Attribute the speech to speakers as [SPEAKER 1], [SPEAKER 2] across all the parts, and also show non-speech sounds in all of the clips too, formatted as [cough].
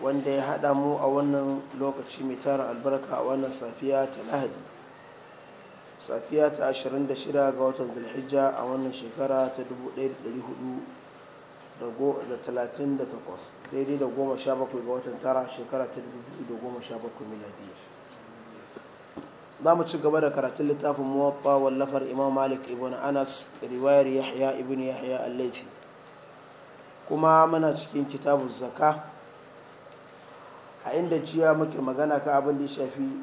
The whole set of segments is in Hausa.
[SPEAKER 1] wanda ya haɗa mu a wannan lokaci mai tara albarka a wannan safiya ta lahadi safiya ta 26 ga watan zulhijja a wannan shekara ta 1438 daidai da 17 ga watan tara shekara ta 2017 miladiya za mu ci gaba da karatun littafin muwatta wallafar imam malik ibn anas riwayar yahya ibn yahya al kuma muna cikin kitabun zaka a inda ciya muke magana ka abin da ya shafi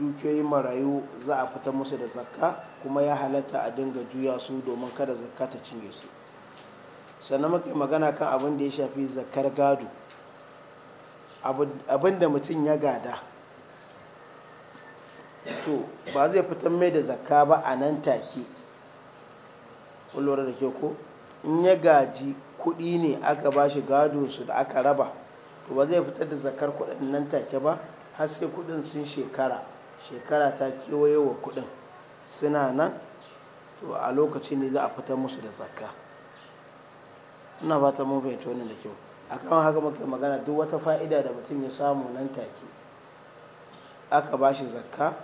[SPEAKER 1] dukiyoyin marayu za a fita musu da zakka kuma ya halatta a dinga juya su domin kada zakka ta cinye su sannan muke magana kan abin da ya shafi zakkar gado abin da mutum ya gada to ba zai fita mai da zakka ba a nan take lura da ke ko in ya gaji kuɗi ne aka ba shi gado su da aka raba to ba zai fitar da zakar kuɗin nan take ba har sai kuɗin sun shekara shekara ta kewaye wa kuɗin suna nan to a lokacin ne za a fitar musu da zakka ina fata mun fahimci wannan da kyau A akan haka muke magana duk wata fa'ida da mutum ya samu nan take aka ba shi zakka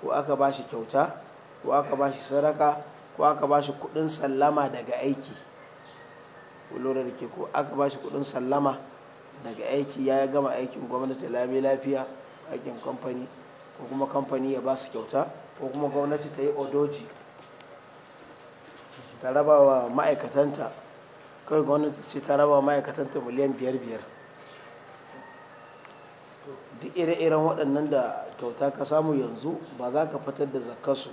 [SPEAKER 1] ko aka ba shi kyauta ko aka ba shi saraka ko aka ba shi kuɗin sallama daga aiki lura da ke ko aka ba shi kuɗin sallama daga aiki ya gama aikin gwamnati lami lafiya aikin kamfani ko kuma kamfani ya ba su kyauta ko kuma gwamnati ta yi odoji ta raba wa ma'aikatanta kawai gwamnati ce ta raba wa ma'aikatanta miliyan biyar biyar duk ire-iren waɗannan da kyauta ka samu yanzu ba za ka fitar da zakkasu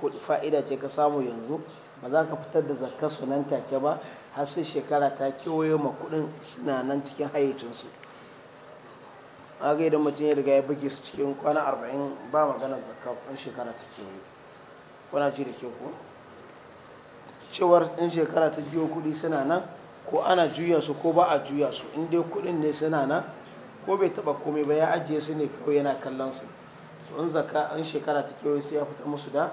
[SPEAKER 1] ko fa'ida ce ka samu yanzu ba za ka fitar da zakkasu nan take ba har sai shekara ta kewaye ma kuɗin suna nan cikin hayyacinsu ga idan mutum ya riga ya buge su cikin kwana arba'in ba magana zakka in shekara ta kewaye kuna ji da ke ku? cewar in shekara ta biyo kuɗi suna nan ko ana juya su ko ba a juya su in dai kuɗin ne suna nan ko bai taɓa komai ba ya ajiye su ne kawai yana kallon su in zakka in shekara ta kewaye sai ya fita musu da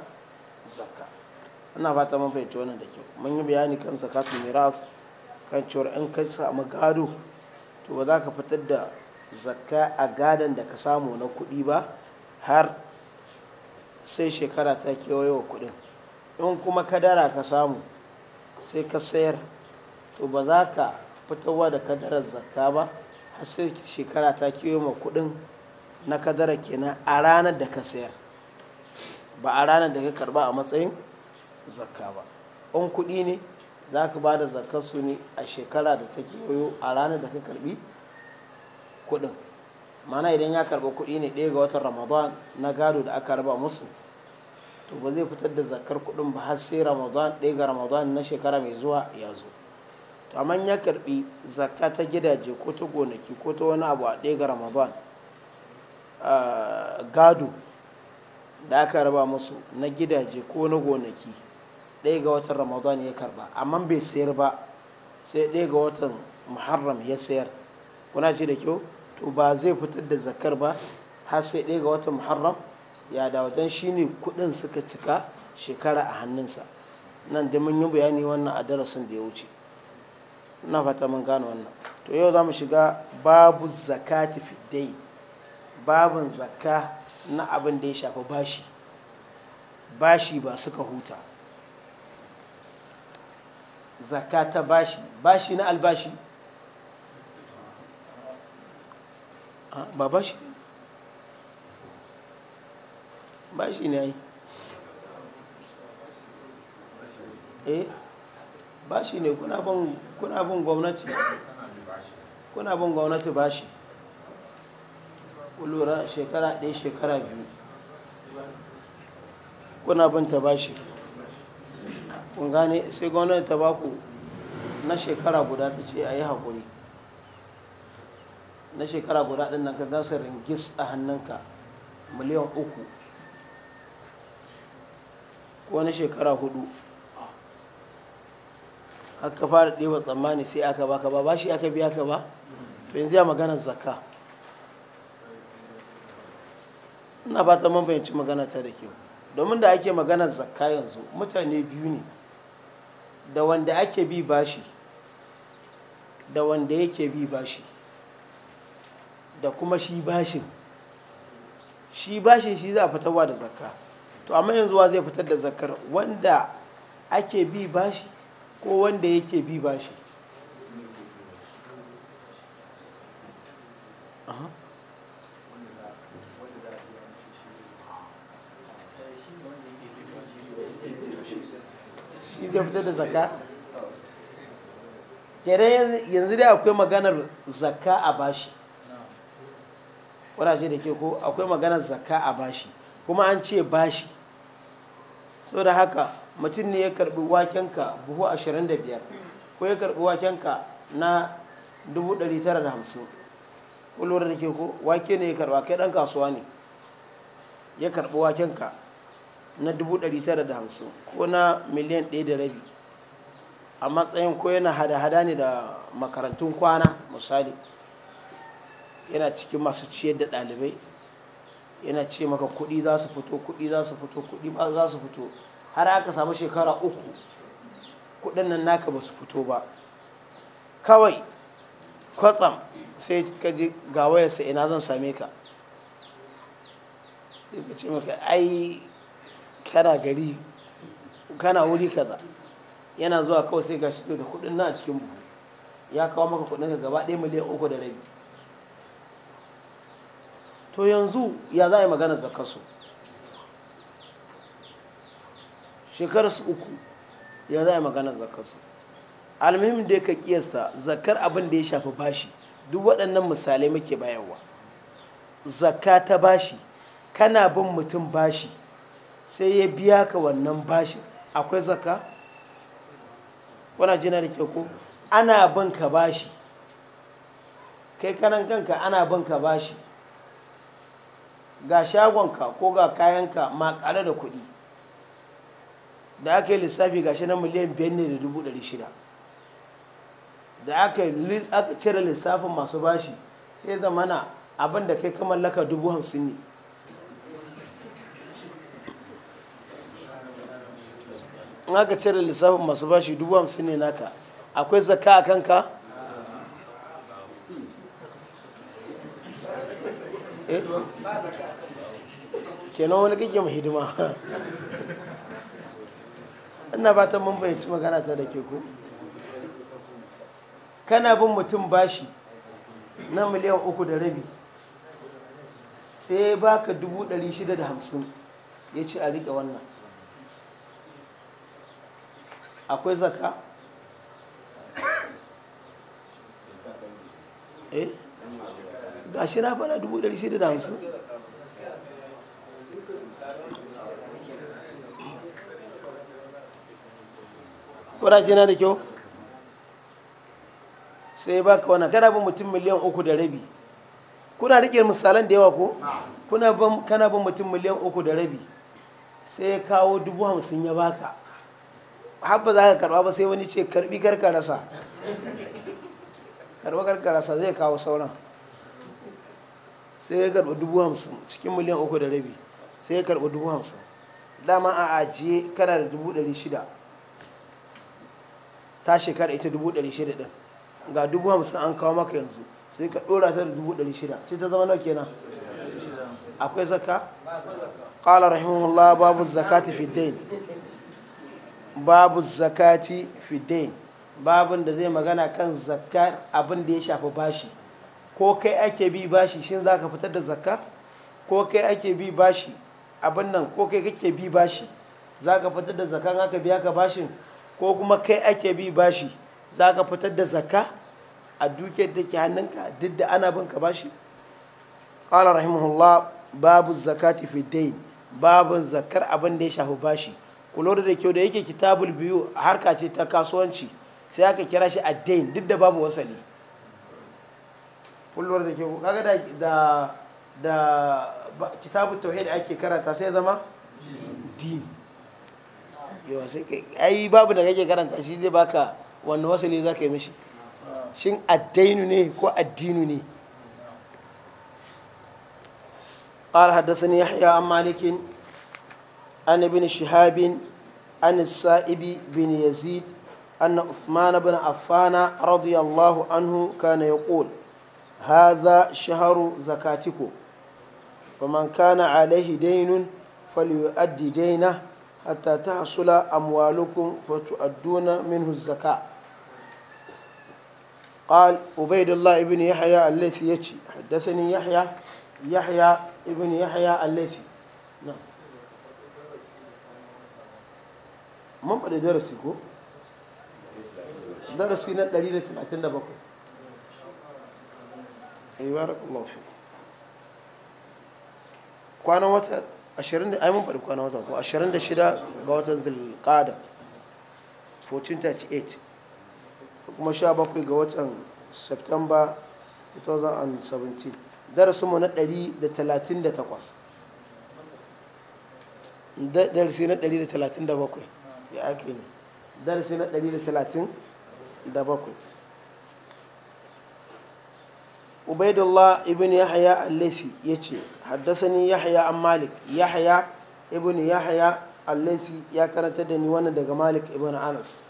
[SPEAKER 1] zakka ana fata mun fahimci wannan da kyau mun yi bayani kan mai miras kan cewar in ka samu gado to ba za ka fitar da zakka a gadon da ka samu na kuɗi ba har sai shekara ta kewayewa kuɗin in kuma kadara ka samu sai ka sayar to ba za ka fitowa da kadarar zakka ba har sai shekara ta kewayewa kuɗin na kadara kenan a ranar da ka sayar ba a ranar da ka karba a matsayin zakka ba in kuɗi ne za ka ba da zakkar su ne a shekara da ta kewayo a ranar da ka karbi kuɗin mana idan ya karɓi kuɗi ne ɗaya ga watan ramadan na gado da aka raba musu to ba zai fitar da zakar kuɗin ba har sai ramadan ɗaya ga ramadan na shekara mai zuwa ya zo to amma ya karɓi zakka ta gidaje ko ta gonaki ko ta wani abu a ɗaya ga ramadan gado da aka raba musu na gidaje ko na gonaki ɗaya ga watan ramadan ya karba amma bai sayar ba sai ɗaya ga watan muharram ya sayar kuna ce da kyau to ba zai fitar da zakar ba har sai ɗaya ga watan muharram ya dawo don shi kuɗin suka cika shekara a hannunsa nan da mun yi bayani wannan a darasin da ya wuce na fata mun gano wannan to yau za mu shiga babu zakati fidai babin zakka na abin da ya shafi bashi bashi ba suka huta zakka ta bashi bashi na albashi ah, ba bashi bashi ne ai eh bashi ne kuna bin gwamnati kuna bin gwamnati bashi lura shekara ɗaya shekara biyu kuna bin ta bashi kun gane sai gwamnati ta baku na shekara guda ta ce a yi haƙuri na shekara guda ɗin nan ka gasa ringis a hannunka miliyan uku ko na shekara hudu haka fara ɗewa tsammani sai aka baka ba ba shi aka biya ka ba to yanzu ya magana zakka ina ba ta man fahimci magana ta da kyau domin da ake magana zakka yanzu mutane biyu ne da wanda ake bi bashi da wanda yake bi bashi da kuma shi bashin shi bashin shi za a fitarwa da zakka to amma yanzu wa zai fitar da zakkar wanda ake bi bashi ko wanda yake bi bashi uh -huh. kuɗi fitar da zaka kenan yanzu dai akwai maganar zakka a bashi ƙuraje da ke ko akwai maganar zakka a bashi kuma an ce bashi da haka mutum ne ya karbi wakenka buhu 25 ko ya karbi wakenka na 950 kullum da ke ko wake ne ya karba kai dan kasuwa ne ya karbi wakenka na 950 ko na miliyan 1 da rabi a matsayin ko yana hada-hada ne da makarantun kwana misali yana cikin masu ciyar da ɗalibai yana ce maka kuɗi za su fito kuɗi za su fito kuɗi za su fito har aka samu shekara uku kuɗin nan naka ba su fito ba kawai kwatsam sai ka ji ga ina zan same ka sai ka ce maka ai kana gari kana wuri kaza yana zuwa kawai sai shi da kudin na a cikin buhu ya kawo maka kudin ka gaba ɗaya miliyan uku da rabi to yanzu ya za a yi magana shekaru su uku ya za a yi magana zakasu almuhimmin da ka kiyasta zakar abin da ya shafi bashi duk waɗannan misalai muke bayarwa zakka ta bashi kana bin mutum bashi sai ya biya ka wannan bashin akwai zaka wana jina da ke ko ana ban ka bashi kai kanan kanka ana ban ka bashi ga shagonka ko ga kayanka makare da kuɗi da aka yi lissafi ga na miliyan biyar ne da dubu ɗari shida da aka cire lissafin masu bashi sai zamana abin da kai ka mallaka dubu hamsin ne in aka cire lissafin masu bashi dubu hamsin ne naka akwai zakka a kanka eh? kenan wani kake mu hidima ina ba ta mun fahimci magana ta da ke ku kana bin mutum bashi na miliyan uku da rabi sai ya baka dubu ɗari shida da hamsin ya ci a riƙe wannan akwai zaka eh
[SPEAKER 2] gashi na fara 650
[SPEAKER 1] kuraje na da kyau sai ba ka wana kana bin mutum miliyan uku da rabi kuna rike misalan da yawa ko kuna bin kana bin mutum miliyan uku da rabi sai ya kawo dubu hamsin ya baka har za ka karba ba sai wani ce karbi karka rasa karba karka rasa zai kawo sauran sai ya karba dubu hamsin cikin miliyan uku da rabi sai ya karba dubu hamsin dama a ajiye kana da dubu ɗari shida ta shekara ita dubu ɗari shida ɗin ga dubu hamsin an kawo maka yanzu sai ka ɗora ta da dubu ɗari shida sai ta zama nauke kenan akwai zakka qala rahimahullah babu zakati fi dain babu zakati fidain babin da zai magana kan zakar abin da ya shafi bashi ko kai ake bi bashi shin za ka fitar da zakka ko kai ake bi bashi abin nan ko kai kake bi bashi za ka fitar da zakka haka biya ka bashin ko kuma kai ake bi bashi za ka fitar da zakka a dukiyar da ke hannunka duk da ana bin ka bashi qala rahimahullah babu zakati fi dain babun zakkar abin da ya shafi bashi ku lura da kyau da yake kitabul biyu harka ce ta kasuwanci sai aka kira shi addain duk da babu wasali ku lura da kyau kaga da da da kitabul tauhid ake karanta sai zama din yawa sai ai babu da kake karanta shi zai baka wani wasali zaka yi mishi shin addainu ne ko addinu ne قال حدثني يحيى عن مالك عن ابن شهاب عن السائب بن يزيد أن عثمان بن عفان رضي الله عنه كان يقول هذا شهر زكاتكم فمن كان عليه دين فليؤدي دينه حتى تحصل أموالكم فتؤدون منه الزكاة قال عبيد الله بن يحيى الليثي يحدثني يحيى يحيى ابن يحيى الليثي نعم mun faɗi darasi ko darasi na 137 ibarakallahu fi kwanan wata 20 ai mun faɗi kwanan wata ko 26 ga watan zulqada 1438 kuma 17 ga watan september 2017 darasi mu na 138 darasi na 137 ya ake ne darasi na 137 ubaidullah ibn yahya al ce haddasa haddasani yahya an malik yahya ibn yahya al laisi ya karanta da ni wannan daga malik ibn anas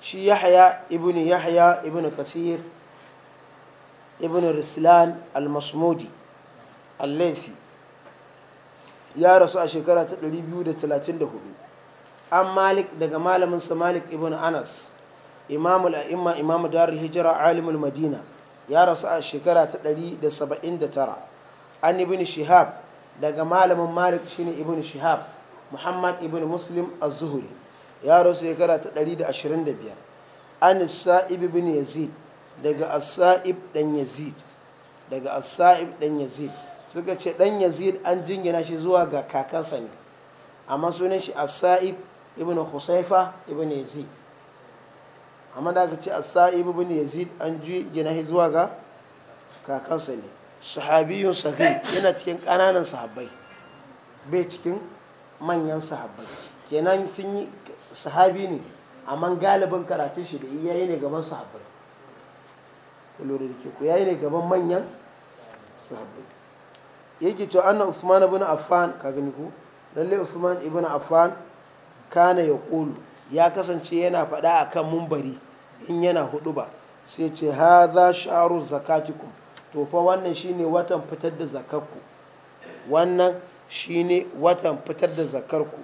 [SPEAKER 1] shi yahya ibn yahya ibn kasir ibn rislan al-masmudi al laisi ya rasu a shekara ta 234 an malik daga malamin sa malik ibn anas imamu la'imma imamu darul hijira alimul madina ya rasu a shekara ta 179 an ibn shihab daga malamin malik shine ibn shihab muhammad ibn muslim az-zuhri ya rasu shekara ta 125 an sa'ib ibn yazid daga as-sa'ib dan yazid daga as-sa'ib dan yazid suka ce dan yazid an jingina shi zuwa ga kakansa ne amma sunan shi as-sa'ib ibn husaifa ibn yazid amma da aka ce as-sa'ib ibn yazid an ji gina zuwa ga kakansa ne sahabiyun sahih yana cikin kananan sahabbai bai cikin manyan sahabbai kenan sun yi sahabi ne amma galibin karatun shi da iyaye ne gaban sahabbai lura da ku yayi ne gaban manyan sahabbai yake to anna usman ibn affan ka gani ku lalle usman ibn affan kana ya ƙulu ya kasance yana faɗa a kan mumbari in yana hudu ba sai ce ha za sha'aru zakatikum to fa wannan shine watan fitar da zakarku wannan shine watan fitar da zakarku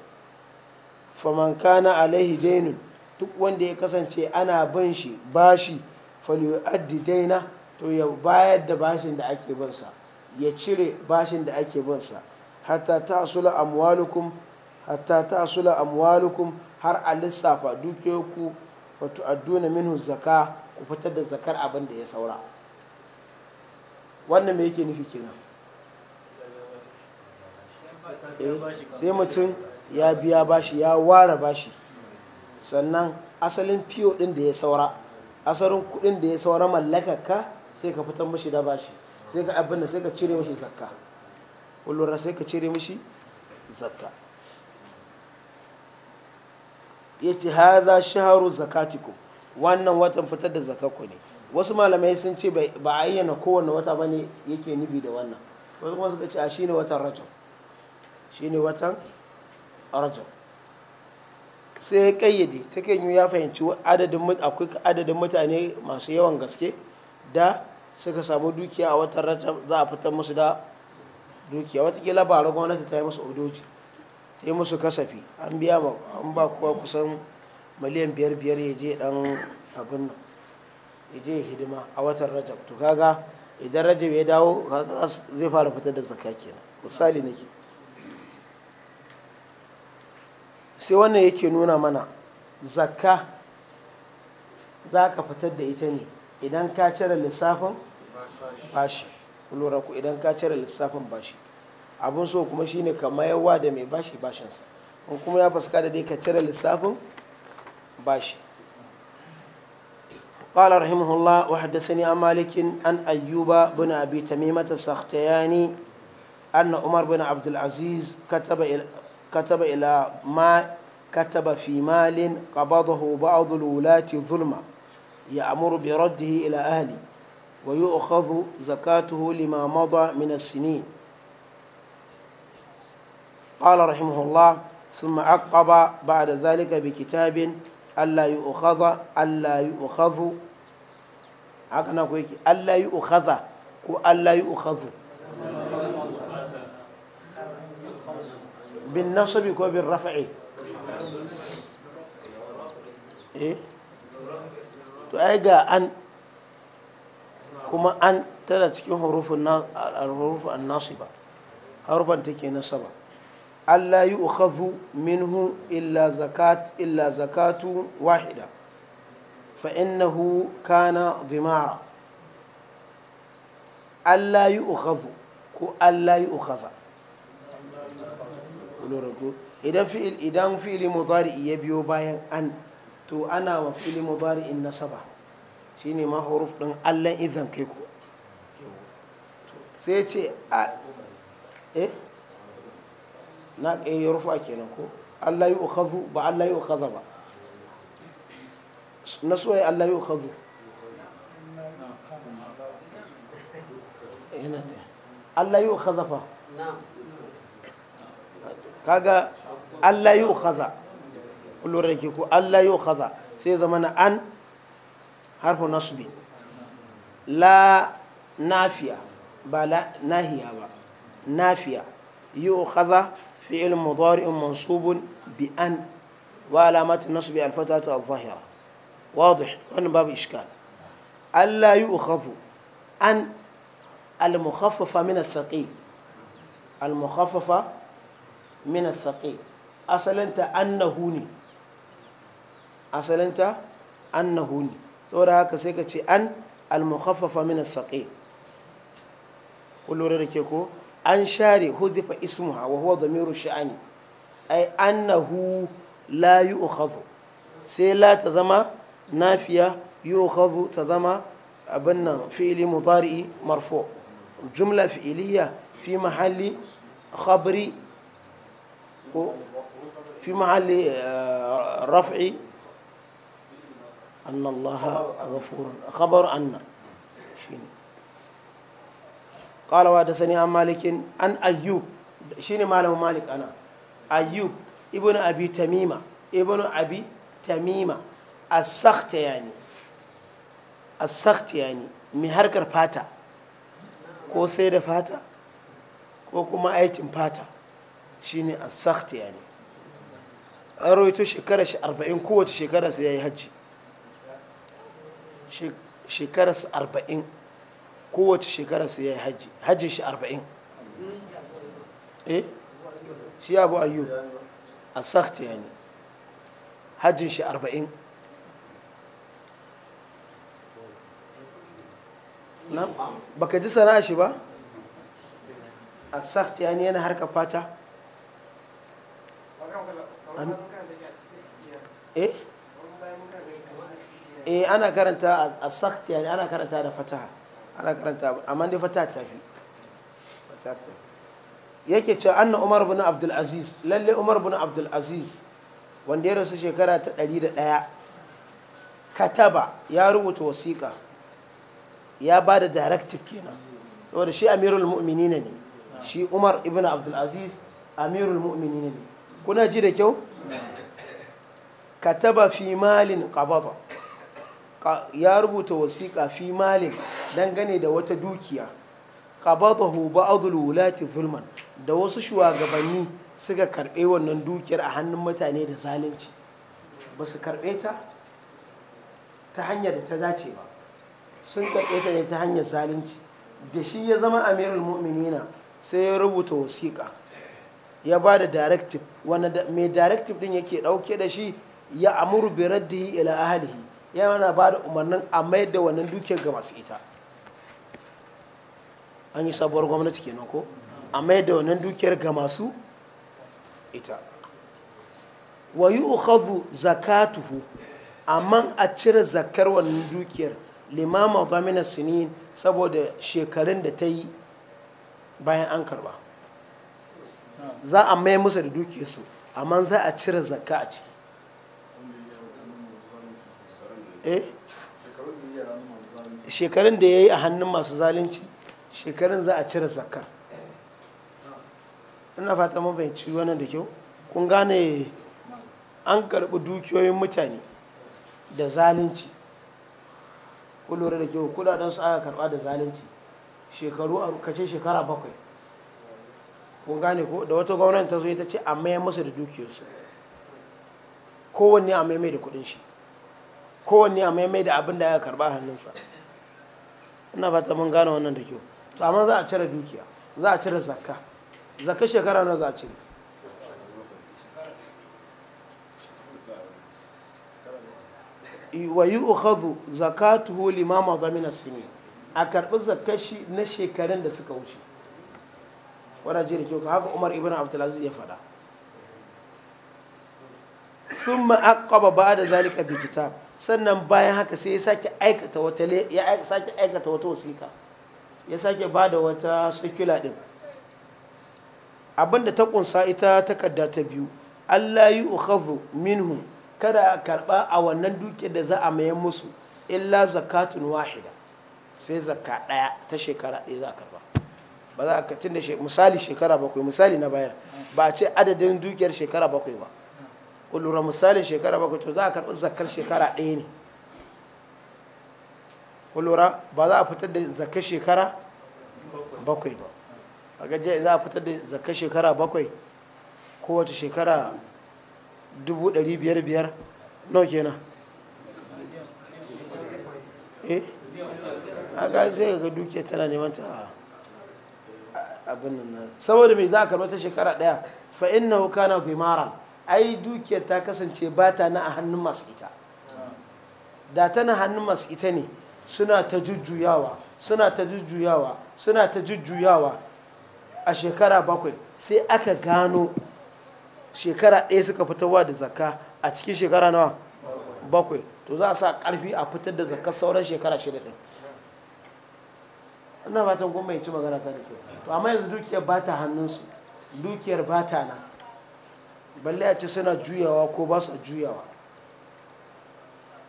[SPEAKER 1] faman kana alaihi dainun duk wanda ya kasance ana bin shi bashi falyu'addi daina to ya bayar da bashin da ake bansa ya cire bashin da ake bansa hatta ta asula amwalukum hatta ta asula amwalukum har a lissafa dukiyoyinku wato adduna minhu zaka ku fitar da zakar abin da ya saura wannan me yake nufi kenan sai mutum ya biya bashi ya ware bashi sannan asalin fiyo din da ya saura asalin kudin da ya saura mallakarka sai ka fitar mashi da bashi sai ka abin da sai ka cire mashi zakka kullum sai ka cire mashi zakka ya ce haza shaharu zakatiku wannan watan fitar da zakakku ne wasu malamai sun ce ba a ayyana kowane wata ba ne yake nubi da wannan wasu kuma suka ce a shine watan rajab shine watan rajab sai ya kayyade ta kanyu ya fahimci adadin akwai adadin mutane masu yawan gaske da suka samu dukiya a watan rajab za a fitar musu da dukiya watakila ba gwamnati ta yi musu odoji sai musu kasafi an biya ma an ba kowa kusan miliyan biyar biyar ya je dan abin nan ya je hidima a watan rajab to kaga idan rajab ya dawo zai fara fitar da zakka kenan misali nake sai wannan yake nuna mana zakka za ka fitar da ita ne idan ka cire lissafin bashi lura ku idan ka cire lissafin bashi abin so kuma shine ka mayarwa da mai bashi bashinsa in kuma ya fuska da dai ka cire lissafin bashi قال رحمه الله وحدثني عن مالك عن أيوب بن أبي تميمة السختياني أن عمر بن عبد العزيز كتب إلى كتب إلى ما كتب في مال قبضه بعض الولاة ظلما يأمر برده إلى أهله ويؤخذ زكاته لما مضى من السنين قال رحمه الله ثم عقب بعد ذلك بكتاب ألا يؤخذ ألا يؤخذ هكذا نقول ألا يؤخذ وألا يؤخذ بالنصب وبالرفع إيه to ai ga an kuma an tana cikin hurufin nasiba harufan take nasaba Allah yi ukhazu minhu illa zakat illa zakatu wahida fa innahu kana dima'a Allah yi ukhazu ko Allah yi ukhaza idan fi'il idan fi'ili mudari ya biyo bayan an to ana wa fi'ili mudari in nasaba shine ma huruf din Allah idan kai ku sai ce a eh na eh rufa kenan ko Allah yi ukhazu ba Allah yi ukhaza ba na soya Allah yi ukhazu Allah yi ukhaza fa
[SPEAKER 2] kaga Allah yi ukhaza
[SPEAKER 1] kullum rake ko Allah yi ukhaza sai zama na an harfu nasbi la nafiya ba nahiya ba nafiya yi ukhaza فعل مضارع منصوب بأن وعلامات النصب الفتاة الظاهرة واضح وأن باب إشكال ألا يؤخف أن المخففة من الثقيل المخففة من الثقيل أصل أنت أنهوني أصل أنت أنهوني saboda haka sai ka ce an al-mukhaffafa min as-saqil kullu rarike ko an share huzifa ismuha wa huwa dhamiru sha'ani ai annahu la yu'khadhu sai la ta zama nafiya yu'khadhu ta zama abin nan fi'ili mudari'i marfu jumla filiya fi mahalli khabri ko في محل رفع أن الله قال وحدثني عن مالك عن أيوب شيني مالك مالك أنا أيوب ابن أبي تميمة ابن أبي تميمة السخت يعني السخت يعني mai harkar fata ko sai da fata ko kuma aikin fata shine as-sakhti yani an rawaito shekara shi arba'in kowace shekara sai ya yi hajji shekara arba'in kowace shekara sai ya yi hajji hajjin shi arba'in eh shi abu ayyub a sakta ya ne hajjin shi arba'in
[SPEAKER 2] na baka ji sana'a shi ba
[SPEAKER 1] a sakta ya ne yana harka fata eh? eh ana karanta a sakta ya ne ana karanta da fataha ana karanta amma dai fata ta fi yake cewa anna umar bin abdul aziz lalle umar bin abdul aziz wanda ya rasu shekara ta 101 kataba ya rubuta wasiƙa ya ba da directive kenan saboda shi amirul mu'minin ne shi umar ibn abdul aziz amirul mu'minin ne kuna ji da kyau kataba fi malin qabada ya rubuta wasiƙa fi malin dangane da wata dukiya qabatahu ba'dul wulati zulman da wasu shugabanni suka karɓe wannan dukiyar a hannun mutane da zalunci ba su karɓe ta ta hanyar da ta dace ba sun karɓe ta ne ta hanyar zalunci da shi ya zama amirul mu'minina sai ya rubuta wasiƙa ya ba da directive wanda mai directive din yake ɗauke da shi ya amuru bi raddihi ila ahlihi yana ba da umarnin a mayar da wannan dukiyar ga masu ita an yi sabuwar gwamnati kenan ko a mayar da wannan dukiyar ga masu ita wa yi ukhadhu zakatuhu amma a cire zakar wannan dukiyar limama mina sinin saboda shekarun da ta yi bayan an karba za a mai musu da dukiyarsu amma za a cire zakka a ciki
[SPEAKER 2] eh shekarun
[SPEAKER 1] da ya yi a hannun masu zalunci shekarun za a cire zakar eh. ina fata mafayanci wannan da kyau kun gane an karɓi dukiyoyin mutane da zalunci ku lura da kyau kudaden su aka karɓa da zalunci shekaru a kace shekara bakwai kun gane ko da wata gwamnati ta zo ta ce a mayan masa da dukiyarsu kowanne a maimai da kudin shi kowanne a maimai da abin da ya karba hannunsa ina fata mun gane wannan da kyau to amma za a cire dukiya za a cire zakka zakka shekara na za a cire wa yi ukhadhu zakatuhu lima madha min sini a karbi zakashi na shekarun da suka wuce wannan jira kyau haka Umar ibn Abdulaziz ya faɗa ba da بعد ذلك بكتاب sannan bayan haka sai ya sake aikata wata ya sake aikata wata wasiƙa ya sake ba da wata circular ɗin abinda ta kunsa ita takarda ta biyu allah yi ukhadhu minhu kada a karɓa a wannan duke da za a mayan musu illa zakatun wahida sai zakka ɗaya ta shekara ɗaya za a karɓa ba za a da misali shekara bakwai misali na bayar ba a ce adadin dukiyar shekara bakwai ba ku lura misalin shekara bakwai to za a karɓi zakar shekara ɗaya ne ku lura ba za a fitar da zakar shekara bakwai ba a gajiya za a fitar da zakar shekara bakwai kowace shekara dubu ɗari biyar biyar nau kenan eh ga zai ga dukiya tana neman ta abin nan saboda mai za a karɓi ta shekara ɗaya fa na hukana dimaran ai dukiyar ta kasance ba ta na a hannun masu ita da na hannun masu ita ne suna ta jujjuyawa suna ta jujjuyawa suna ta jujjuyawa a shekara bakwai sai aka gano shekara ɗaya suka fitowa da zakka a cikin shekara nawa bakwai to za a sa ƙarfi a fitar da zakka sauran shekara shida ɗin ina fatan kuma mai ci magana ta da kyau to amma yanzu dukiyar ba ta hannunsu dukiyar ba ta na balle a ce suna juyawa ko ba su juyawa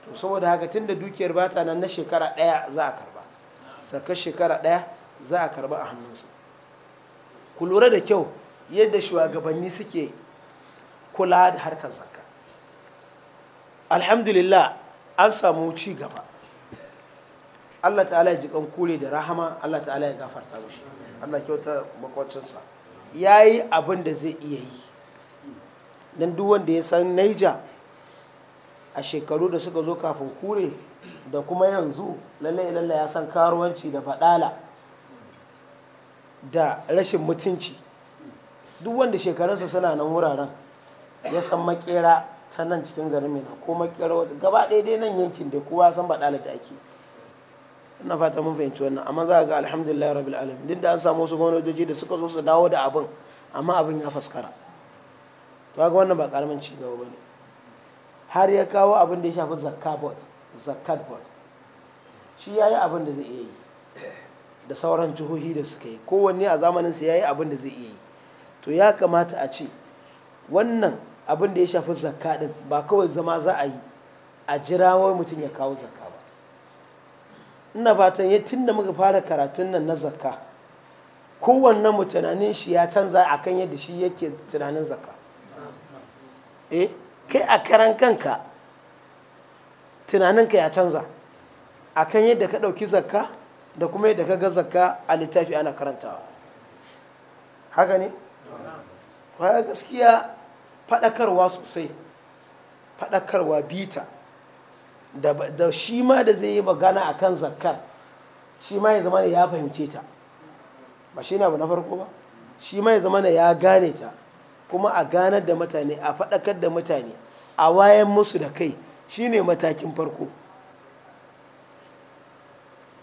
[SPEAKER 1] to saboda haka da dukiyar ba ta nan na shekara ɗaya za a karba saka shekara ɗaya za a karba a hannunsu ku lura da kyau yadda shugabanni suke kula da harkar zakka alhamdulillah an samu ci gaba Allah ta'ala ya ji kan kure da rahama Allah ta'ala ya gafarta mishi Allah kyauta makwacinsa ya yi abin da zai iya yi don duk wanda ya san naija a shekaru da suka zo kafin kure da kuma yanzu lallai lallai ya san karuwanci da faɗala da rashin mutunci duk wanda shekarunsa suna nan wuraren ya san makera ta nan cikin garin mai ko makera wata gaba ɗaya dai nan yankin da kowa san baɗalar da ake ina fata mun fahimci wannan amma za ga alhamdulillah rabbil alamin duk da an samu wasu gwamnatoci da suka zo su dawo da abin amma abin ya faskara ga wannan ba karamin ci gaba bane har ya kawo abin da ya shafi zakat board shi ya yi abin da zai iya yi da sauran jihohi da suka yi kowanne a sa ya yi abin da zai iya yi to ya kamata a ce wannan abin da ya shafi zakka din ba kawai zama za a yi a jira wai mutum ya kawo zakka ba ina fatan ya tun muka fara karatun nan na zakka kowannen mu tunanin shi ya canza akan yadda shi yake tunanin zakka eh kai a karan kanka tunaninka ya canza a akan yadda ka ɗauki zakka da kuma yadda ka ga zakka a littafi ana karantawa haka ne? kwaya gaskiya faɗakarwa sosai faɗakarwa bita da shi ma da zai yi magana a kan zakkar shi ma ya zama ya fahimce ta ba shi na abu na farko ba shi ma ya zama ya gane ta kuma a ganar da mutane a faɗakar da mutane a wayan musu da kai shine matakin farko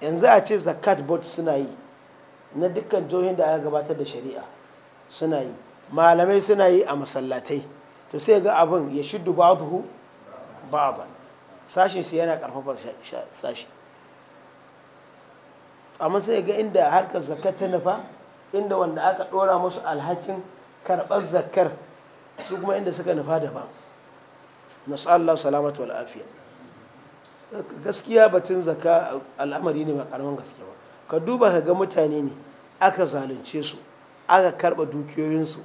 [SPEAKER 1] yanzu a ce zakat bot suna yi na dukkan jihohin da aka gabatar da shari'a suna yi malamai suna yi a masallatai to sai ga abin ya shiddu ba'dahu Ba. Sashen su yana karfafar sashi amma sai ga inda harkar zakat ta nufa inda wanda aka ɗora musu alhakin karɓar zakar su kuma inda suka nufa na nasu Allah salamatu wa afiya gaskiya batun zaka al'amari ne ba karamin gaskiya ba ka duba ka ga mutane ne aka zalunce su aka karɓa dukiyoyinsu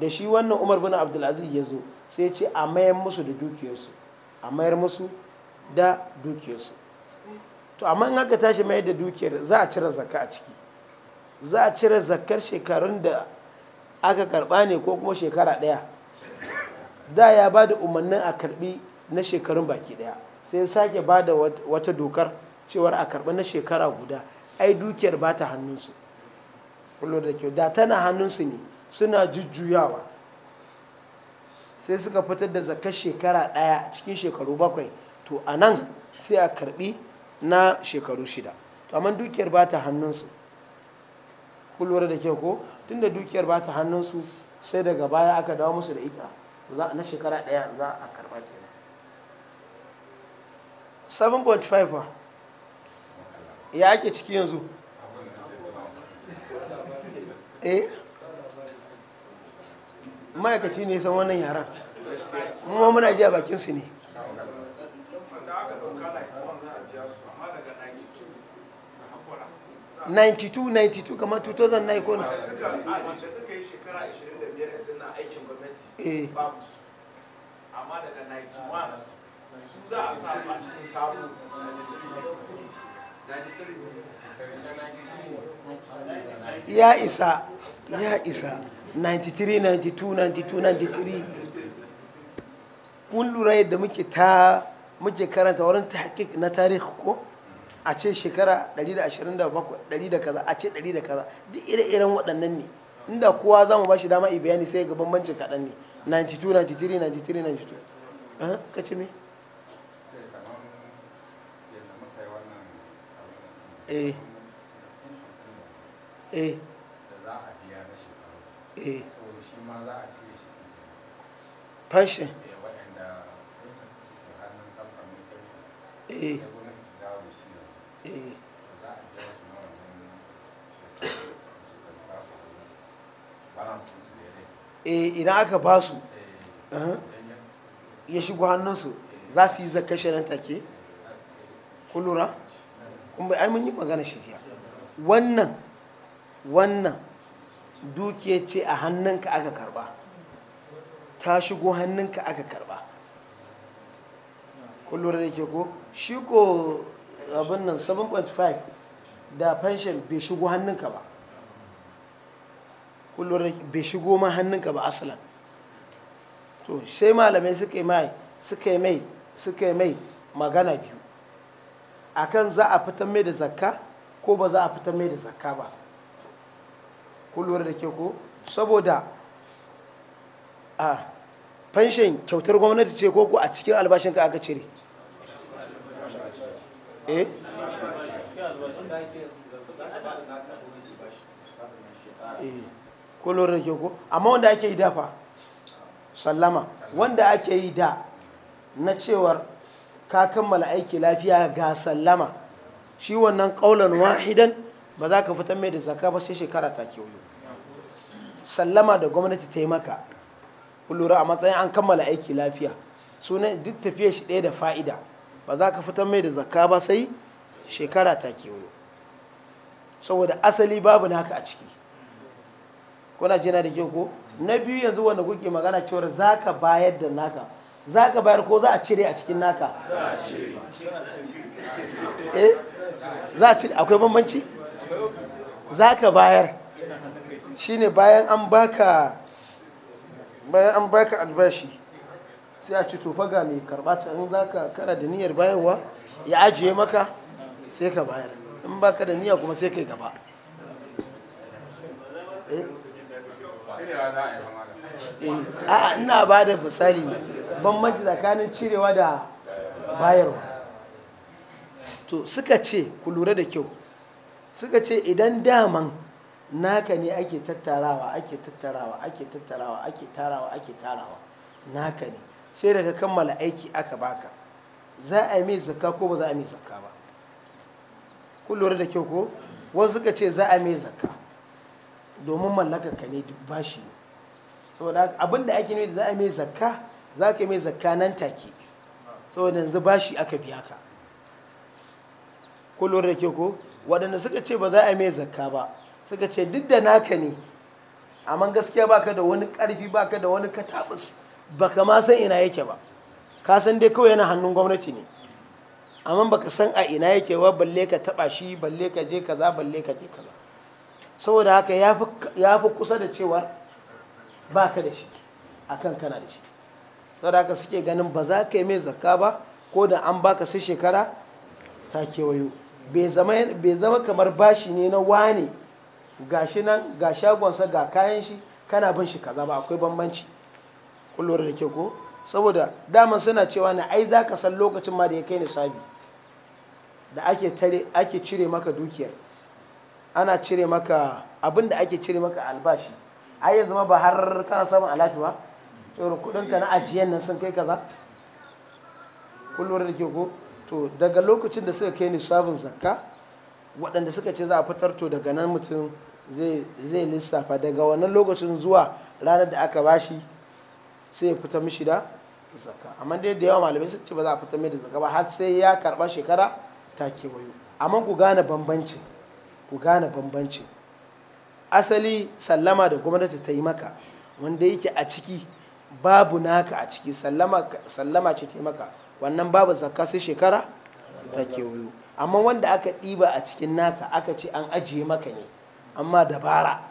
[SPEAKER 1] da shi wannan umar bin abdulaziz ya zo sai ce a mayar musu da dukiyarsu a mayar musu da dukiyarsu to amma in aka tashi mayar da dukiyar za a cire zakka a ciki za cire zakkar shekarun da aka karba ne ko kuma shekara ɗaya da ya ba da umarnin a karbi na shekarun baki ɗaya sai sake ba da wata dokar cewar a karbi na shekara guda ai dukiyar ba ta hannunsu kullum da kyau da tana hannunsu ne suna jujjuyawa sai suka fitar da zakar shekara ɗaya cikin shekaru bakwai to a nan sai a karbi na shekaru shida to amma dukiyar ba ta hannunsu kullum da kyau ko tun da dukiyar ba ta hannunsu sai daga baya aka dawo musu da ita na shekara ɗaya za a karɓa kenan 7.5 ya ake ciki yanzu eh ma'aikaci ne san wannan yaran
[SPEAKER 2] mu muna ji a bakinsu ne
[SPEAKER 1] 92 92 kamar 2009 ko ne suka
[SPEAKER 2] yi shekara 25 yanzu na aikin gwamnati eh. babu amma daga 91 su za a sa a
[SPEAKER 1] cikin ya isa ya isa 93 92 92 93 kun lura yadda muke karanta wurin tahqiq na tarihi ko a ce shekara 127 da kaza a ce 100 da kaza duk ire-iren waɗannan ne inda kowa za mu ba shi dama bayani sai ga bambancin kaɗan ne 92 93 93 92 ka ce me eh eh eh fashin eh Eh, eh, idan aka ba su ya shigo hannunsu za su yi zakashe nan take kulura kuma bai mun yi magana shi wannan wannan dukiya ce a hannunka aka karba ta shigo hannunka aka karba Kulura da ke ko shi ko abin nan 7.5 da fenshin bai shigo hannunka ba kullum bai shigo ma hannunka ba asalan to sai malamai suka yi mai suka yi mai suka yi mai magana biyu akan za a fitar mai da zakka ko ba za a fitar mai da zakka ba kullum da ke ko saboda a fenshin kyautar gwamnati ce ko ko a cikin albashinka aka cire eh amma wanda ake yi da sallama wanda ake yi da na cewar ka kammala aiki lafiya ga sallama shi wannan ƙaunar wahidan ba za ka fitan mai da zaka ba sai shekara ta kewayo sallama da gwamnati ta yi maka lura a matsayin an kammala aiki lafiya sunan duk tafiye shi ɗaya da fa'ida ba za ka fitar mai da zakka ba sai shekara ta kewayo saboda asali babu naka a ciki kuna jina da ke ko na biyu yanzu wanda kuke magana cewar za ka bayar da naka za ka bayar ko za a cire a cikin naka
[SPEAKER 2] eh, za a cire akwai bambanci za ka bayar
[SPEAKER 1] shine bayan an baka bayan an baka albashi sai a ci tofa ga mai karba ta in za ka kana da niyyar bayarwa ya ajiye maka sai ka bayar in ba ka da niyya kuma sai kai gaba eh? eh, a ina ba da misali bambanci tsakanin cirewa da bayarwa to suka ce ku lura da kyau suka ce idan daman naka ne ake tattarawa ake tattarawa ake tattarawa ake tarawa ake tarawa naka ne sai daga kammala aiki aka baka za a yi mai zakka ko ba za a mai zakka ba kullum da kyau ko wasu suka ce za a mai zakka domin mallakar ka ne bashi ne saboda abin da ake nufi za a mai zakka za ka mai zakka nan take saboda yanzu bashi aka biya ka kullum da kyau ko waɗanda suka ce ba za a mai zakka ba suka ce duk da naka ne amma gaskiya baka da wani ƙarfi baka da wani katabus baka ma san ina yake ba ka san dai kawai yana hannun gwamnati ne amma baka san a ina yake ba balle ka taba shi balle ka je kaza balle ka je kaza saboda haka ya fi kusa da cewar baka da shi akan kana da shi saboda haka suke ganin ba za ka yi mai zakka ba ko da an baka sai shekara ta kewayo bai zama kamar bashi ne na wane gashi nan ga shagonsa ga kayan shi kana bin shi kaza ba akwai bambanci kullum da ke ko saboda dama suna cewa na ai za ka san lokacin ma da ya kai nisabi da ake tare ake cire maka dukiyar ana cire maka abin da ake cire maka albashi ai yanzu ma ba har kana samun alati ba to kudin ka na ajiyan nan sun kai kaza kullum da ke ko to daga lokacin da suka kai nisabin zakka waɗanda suka ce za a fitar to daga nan mutum zai lissafa daga wannan lokacin zuwa ranar da aka bashi sai ya fita mishi da zaka amma dai da yawa malamai sun ce ba za a fita mai da zaka ba har sai ya karba shekara ta kewayo amma ku gane bambancin ku gane bambanci asali sallama da gwamnati ta yi maka wanda yake a ciki babu naka a ciki sallama ce ta yi maka wannan babu zaka sai shekara ta kewayo amma wanda aka ɗiba a cikin naka aka ce an ajiye maka ne amma dabara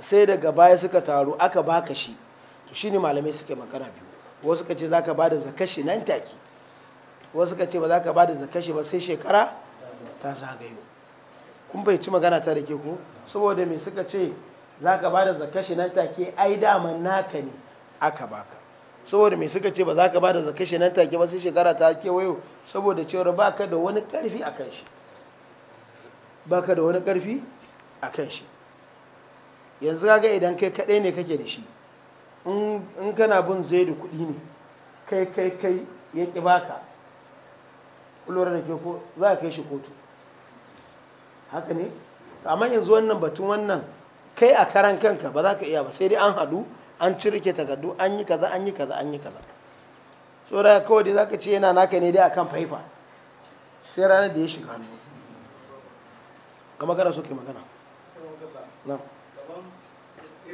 [SPEAKER 1] sai daga baya suka taru aka baka shi to shine malamai suke magana biyu wasu ka ce za ka bada zakashi nan take wasu ka ce ba za ka bada zakashi ba sai shekara ta zagayo kun bai ci magana ta da ke ko saboda me suka ce za ka bada zakashi nan take ai daman naka ne aka baka saboda me suka ce ba za ka bada zakashi nan take ba sai shekara ta kewayo saboda cewar baka da wani karfi shi baka da wani karfi a kan shi yanzu kaga idan kai kaɗai ne kake da shi in kana bin zai da kuɗi ne kai kai kai ya ƙi baka ƙulura da ke ko za a kai shi kotu haka ne amma yanzu wannan batun wannan kai a karan kanka ba za ka iya ba sai dai an haɗu an cirke takardu an yi kaza an yi kaza an yi kaza da kawai dai za ka ce yana naka ne dai akan faifa sai ranar da ya shiga hannu kama kada so ke magana na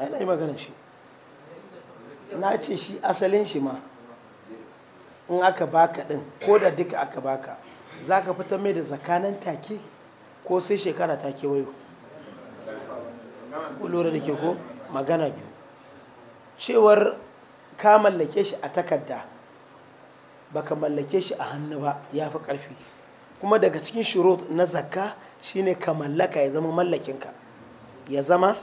[SPEAKER 1] ai na yi maganin shi na ce shi asalin shi ma in aka baka din ko da duka aka baka za ka fitar mai da zakanan take ko sai shekara ta kewayo ku lura da ke ko magana biyu cewar ka mallake shi a takarda baka mallake shi a hannu ba ya fi ƙarfi kuma daga cikin shirot na zakka shine ka mallaka ya zama mallakinka ya zama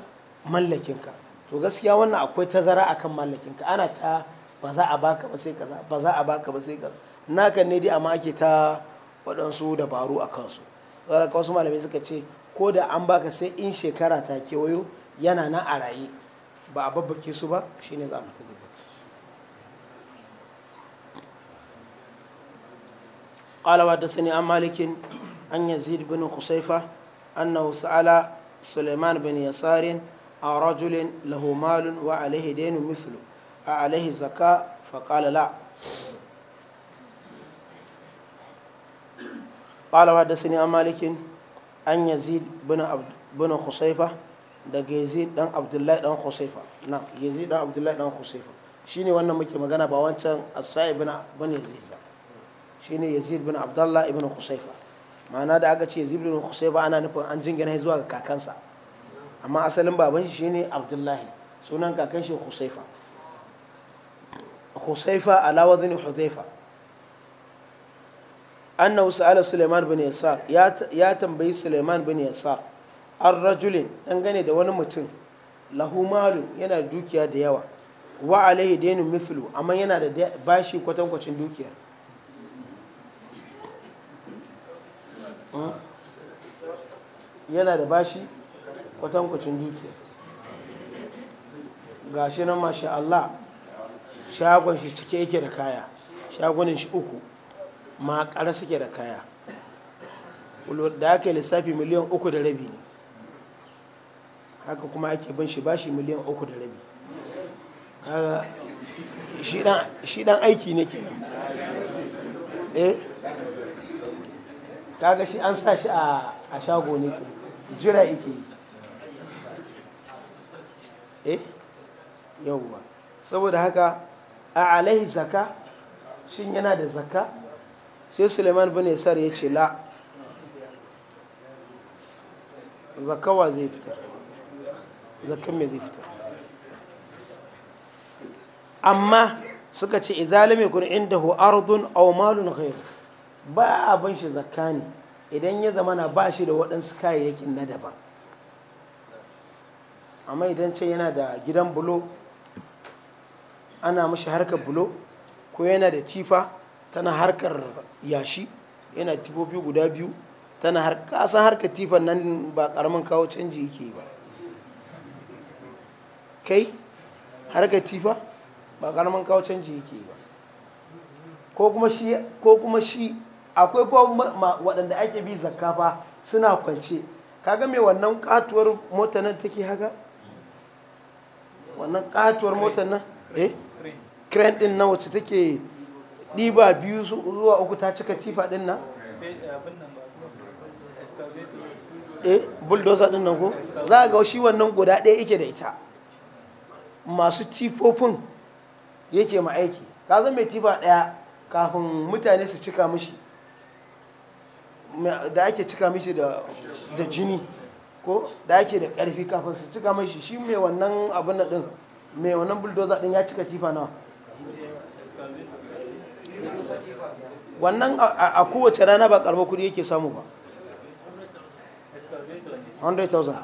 [SPEAKER 1] mallakin ka to gaskiya wannan akwai tazara akan ka ana ta ba za a baka ba sai kaza ba za a baka ba sai kaza naka ne dai amma ake ta waɗansu dabaru a kansu ka wasu malamai suka ce ko da an baka sai in shekara ta kewayo yana nan a raye ba a babbake su ba shine za a fita da zaki قال وحدثني عن مالك عن يزيد بن خصيفة أنه سأل سليمان بن يسار a rajulin lahu wa alaihi denu mislu a alaihi zaka faƙala la قال وحدثني عن مالك أن يزيد بن عبد بن خصيفة daga dan abdullahi dan Kusaifa. na Gezi dan abdullahi dan Shi ne wannan muke magana ba wancan as-sa'ib bin bin yazid ba ne yazid bin abdullahi ibn Kusaifa. ma'ana da aka ce yazid bin Kusaifa ana nufin an jingina zuwa ga kakansa amma asalin baban shi shine abdullahi sunan kakan shi husaifa husaifa ala wadhni hudhaifa annahu sa'ala suleiman bin yasar ya tambayi suleiman bin yasar an rajulin dangane da wani mutum lahu malu yana da dukiya da yawa wa alaihi dainu mithlu amma yana da bashi kwatankwacin dukiya hmm? yana da bashi kwatankwacin dukiya ga shi nan masha Allah shagon shi cike yake da kaya shagonin shi uku makara suke da kaya da aka yi lissafi miliyan uku da rabi ne haka kuma ake bin shi bashi miliyan uku da rabi shi dan aiki ne ke eh kaga shi an sa shi a shago ne jira yake yi eh yawwa saboda haka a alaihi zaka shin yana da zaka sai suleiman bin yasar ya ce la zakawa zai fitar zakan mai zai fitar amma suka ce idalami kun inda hu ardun aw malun ghair ba abin shi zakani ne idan ya zama na ba shi da waɗansu kayayyakin na daban amma idan ce yana da gidan bulo ana mashi harkar bulo ko yana da cifa tana harkar yashi yana biyu guda biyu tana har kasan harkar tifan nan ba karamin kawo canji yake ba kai harkar tifa ba karamin kawo canji yake ba ko kuma shi akwai kuma waɗanda ake bi zakka fa suna kwance kaga mai wannan katuwar mota nan take haka wannan katuwar motar nan eh? eh crane din nan wacce take Diba biyu zuwa uku ta cika tifa din nan eh bulldozer din nan ko za ga shi wannan guda ɗaya yake da ita masu tifofin yake ma aiki ka zan mai tifa ɗaya kafin mutane su cika mishi da ake cika mishi da jini ko da yake da karfi kafin su cika mai shi mai wannan abin da din mai wannan bulldozer din ya cika tifa nawa wannan a kowace rana ba karɓar kudi yake samu ba 100,000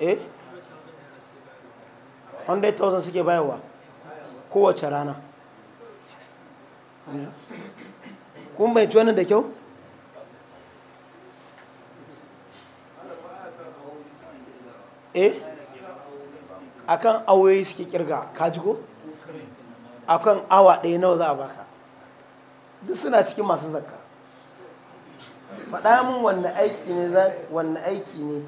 [SPEAKER 1] eh 100,000 suke bayarwa kowace rana kuma bai tuwanin da kyau eh akan awoyi suke kirga ka ji ko akan awa ɗaya nawa za a baka duk suna cikin masu zakka faɗa min wanne aiki ne za wanne aiki ne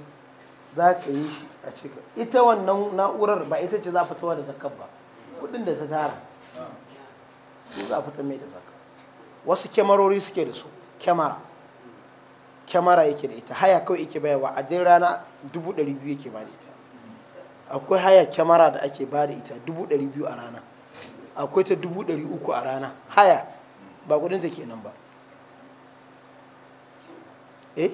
[SPEAKER 1] za ka yi shi a cikin ita wannan na'urar ba ita ce za a fitowa da zakkar ba kuɗin da ta tara su za a fita mai da zakka wasu kyamarori suke da su kyamara kyamara yake da ita haya kawai yake bayarwa a jin rana dubu ɗari biyu yake ba da ita akwai haya kyamara da ake ba da ita dubu ɗari biyu a rana akwai ta dubu ɗari uku a rana haya ba take kenan ba eh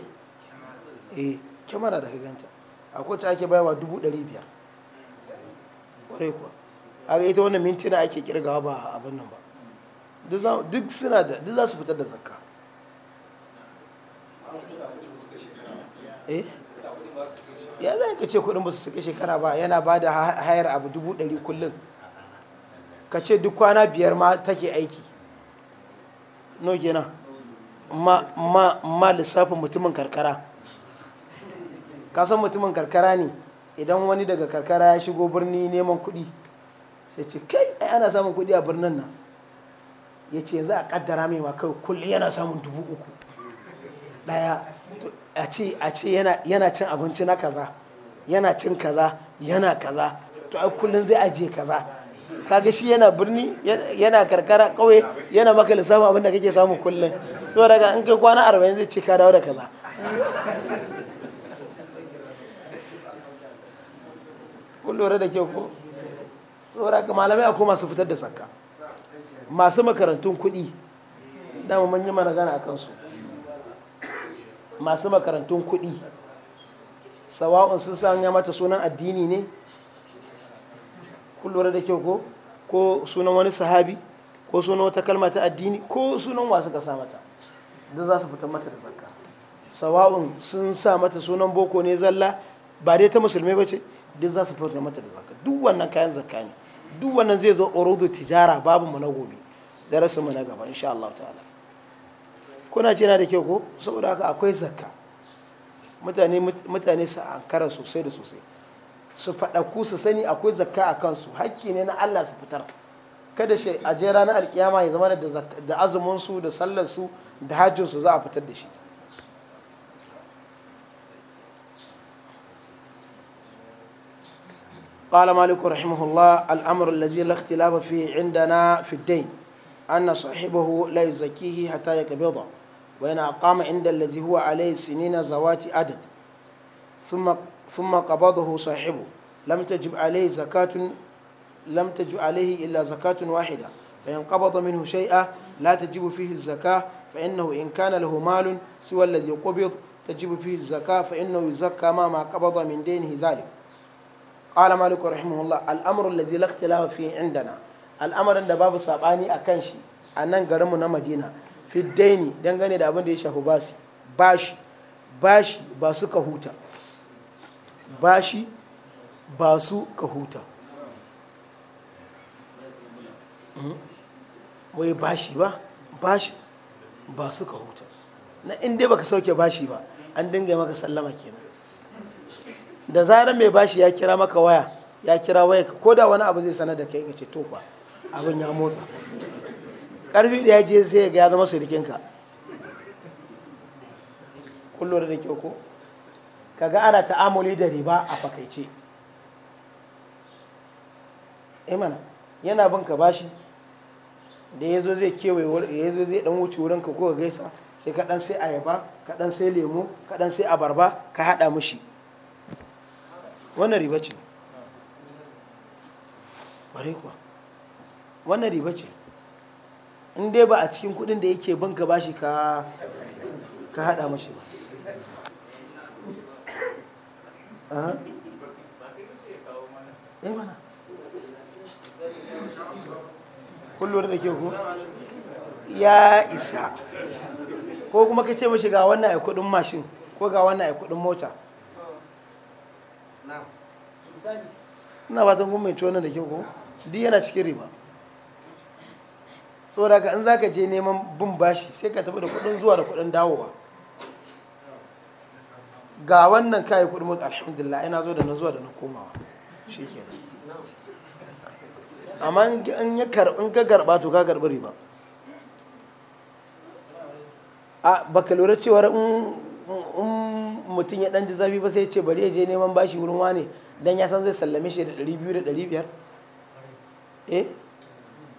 [SPEAKER 1] eh kyamara da ka ganta akwai ta ake bayawa dubu ɗari biyar ƙwarai kuwa a ita wannan mintina ake kirgawa ba abin nan ba duk suna da duk za su fitar da zakka
[SPEAKER 2] eh ya za ka ce
[SPEAKER 1] kudin ba su cika shekara ba yana ba da hayar abu dubu ɗari kullum ka ce duk kwana biyar ma take aiki no kenan ma lissafin mutumin karkara ka san mutumin karkara ne idan wani daga karkara ya shigo birni neman kuɗi sai ce kai ai ana samun kuɗi a birnin nan ya ce za a kaddara mai ma kai kullum yana samun dubu uku ɗaya a ce a ce yana cin abinci na kaza yana cin kaza yana kaza to a kullum zai ajiye kaza kaga shi yana birni yana karkara kauye yana maka lissafin abin da kake samu kullum to daga in kai kwana 40 zai ce ka dawo da kaza kun lura da ke ko saboda haka malamai a koma su fitar da sakka masu makarantun kuɗi mu manyan mana gana a kansu masu makarantun kuɗi sawa'un sun ya mata sunan addini ne kullum da kyau ko ko sunan wani sahabi ko sunan wata kalma ta addini ko sunan wasu ka sa mata da za su fitar mata da zakka sawa'un sun sa mata sunan boko ne zalla ba dai ta musulmai ba ce duk za su fitar mata da zakka duk wannan kayan zakka ne duk wannan zai zo urudu tijara babu mu na gobe darasin mu na gaba insha Allah ta'ala kuna yana da kyau ko saboda haka akwai zakka mutane mutane su ankara sosai da sosai su faɗaku su sani akwai zakka a kansu hakki ne na Allah su fitar kada shi a jera ranar alkiyama ya zama da azumin su da sallar su da hajjin su za a fitar da shi قال مالك رحمه الله الأمر الذي لا اختلاف فيه عندنا في الدين أن صاحبه لا يزكيه حتى يقبضه وإن أقام عند الذي هو عليه سنين ذوات عدد ثم ثم قبضه صاحبه لم تجب عليه زكاة لم تجب عليه إلا زكاة واحدة فإن قبض منه شيئا لا تجب فيه الزكاة فإنه إن كان له مال سوى الذي قبض تجب فيه الزكاة فإنه يزكى ما ما قبض من دينه ذلك قال مالك رحمه الله الأمر الذي لا اختلاف فيه عندنا الأمر أن باب صاباني أكنشي أنن قرمنا مدينة fiddaini dangane da abin da ya shafi basi bashi bashi ba su ka huta bashi ba su ka huta hmm? wai bashi ba bashi ba su ka huta na inda baka sauke bashi ba an dinga maka sallama kenan da zarar mai bashi ya kira maka waya ya kira waya ko da wani abu zai sanar da kai ka ce to abin ya motsa karfi da ya je sai ga ya zama sirikinka kullum da ke ko kaga ana ta'amuli da riba a fakaice imana eh yana bin ka bashi da ya zo zai kewaye ya zo zai dan wuce wurinka ko ka gaisa sai ka dan sai ayaba ka dan sai lemu ka dan sai abarba ka hada mishi wannan riba ce bare kuwa wannan riba ce in dai ba a cikin kudin da yake banka ba ka ka hada mashi ba eh kullum da ke ku ya isa ko kuma ka ce mashi ga wannan a kudin mashin ko ga wannan a kudin mota na ba ta kuma mai wannan da ke ku duk yana cikin riba saboda ka in za ka je neman bin bashi sai ka tafi da kudin zuwa da kudin dawowa ga wannan kayi kudin mutu alhamdulillah ina zo da na zuwa da na komawa shi ke amma in ya karɓi ka karɓa to ka karɓi riba a baka lura cewar in mutum ya ɗanji zafi ba sai ya ce bari ya je neman bashi wurin wane dan ya san zai sallame shi da 200 da 500 eh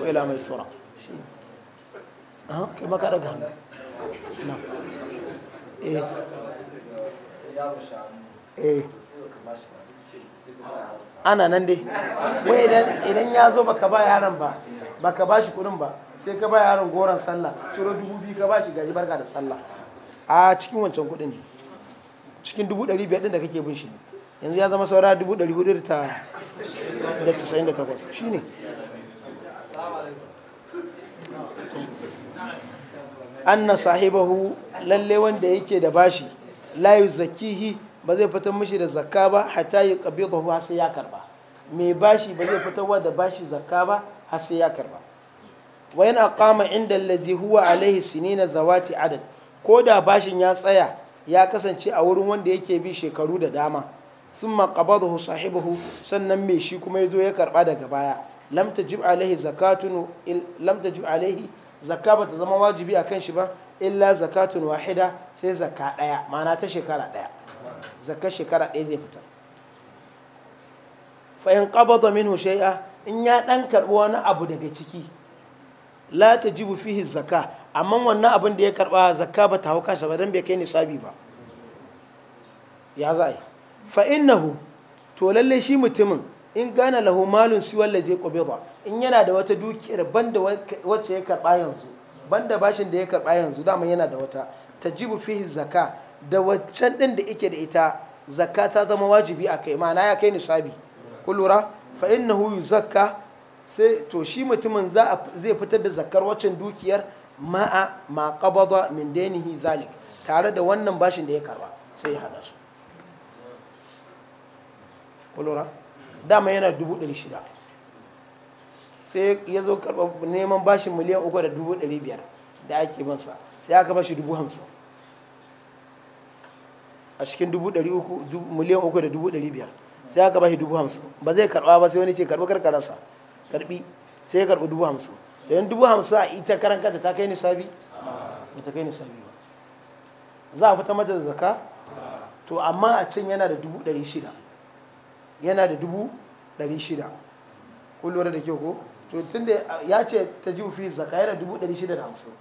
[SPEAKER 1] ko ila mai sura shi aha kai maka daga hannu
[SPEAKER 2] na eh eh
[SPEAKER 1] ana nan dai wai idan ya zo baka ba yaron ba baka ba shi kudin ba sai ka ba yaron goron sallah ciro dubu biyu ka ba shi gaji barka da sallah a cikin wancan kudin ne cikin dubu ɗari biyar ɗin da kake bin shi yanzu ya zama saura dubu ɗari hudu da ta da shi ne anna sahibahu lalle wanda yake da bashi layu zakihi ba zai fitar mishi da zakka ba hatta yi qabidahu ha sai ya karba mai bashi ba zai wa da bashi zakka ba ha sai ya karba wa yana kama inda lalle huwa alaihi sinina zawati adad ko da bashin ya tsaya ya kasance a wurin wanda yake bi shekaru da dama sun maƙabadahu sahibahu sannan mai shi kuma ya zo ya karba daga baya lam tajib alaihi zakatun lam tajib alaihi zakka bata zama wajibi a kan shi ba illa zakatun wahida sai zakka daya ma'ana ta shekara daya zakka shekara daya zai fita fa in qabada minhu shay'a in ya dan karbi wani abu daga ciki la tajibu fihi zakka amma wannan abin da ya karba zakka bata hau kansa ba dan bai kai nisabi ba ya za'i fa innahu to lalle shi mutumin in gana lahu malun su wallazi qubida in yana da wata dukiyar banda wacce ya karba yanzu banda bashin da ya karba yanzu dama yana da wata tajibu fihi zaka da waccan din da yake da ita zaka ta zama wajibi a kai ma'ana ya kai nisabi ku lura fa innahu yuzakka sai to shi mutumin zai fitar da zakar waccan dukiyar ma'a ma qabada min dainihi zalik tare da wannan bashin da ya karba sai ya hada su ku lura dama yana dubu ɗari shida sai ya zo karɓa neman bashin miliyan uku da dubu ɗari biyar da ake masa sai aka bashi dubu hamsin a cikin dubu ɗari uku miliyan uku da dubu ɗari biyar sai aka bashi dubu hamsin ba zai karɓa ba sai wani ce karɓi karkararsa karɓi sai ya karɓi dubu hamsin don dubu hamsin a ita karan kanta ta kai nisabi ba ta kai nisabi ba za a fita mata da zaka to amma a can yana da dubu ɗari shida yana da dubu ɗari shida kun lura da kyau ko to tun da ya ce ta ji fi zaka yana dubu ɗari shida da hamsin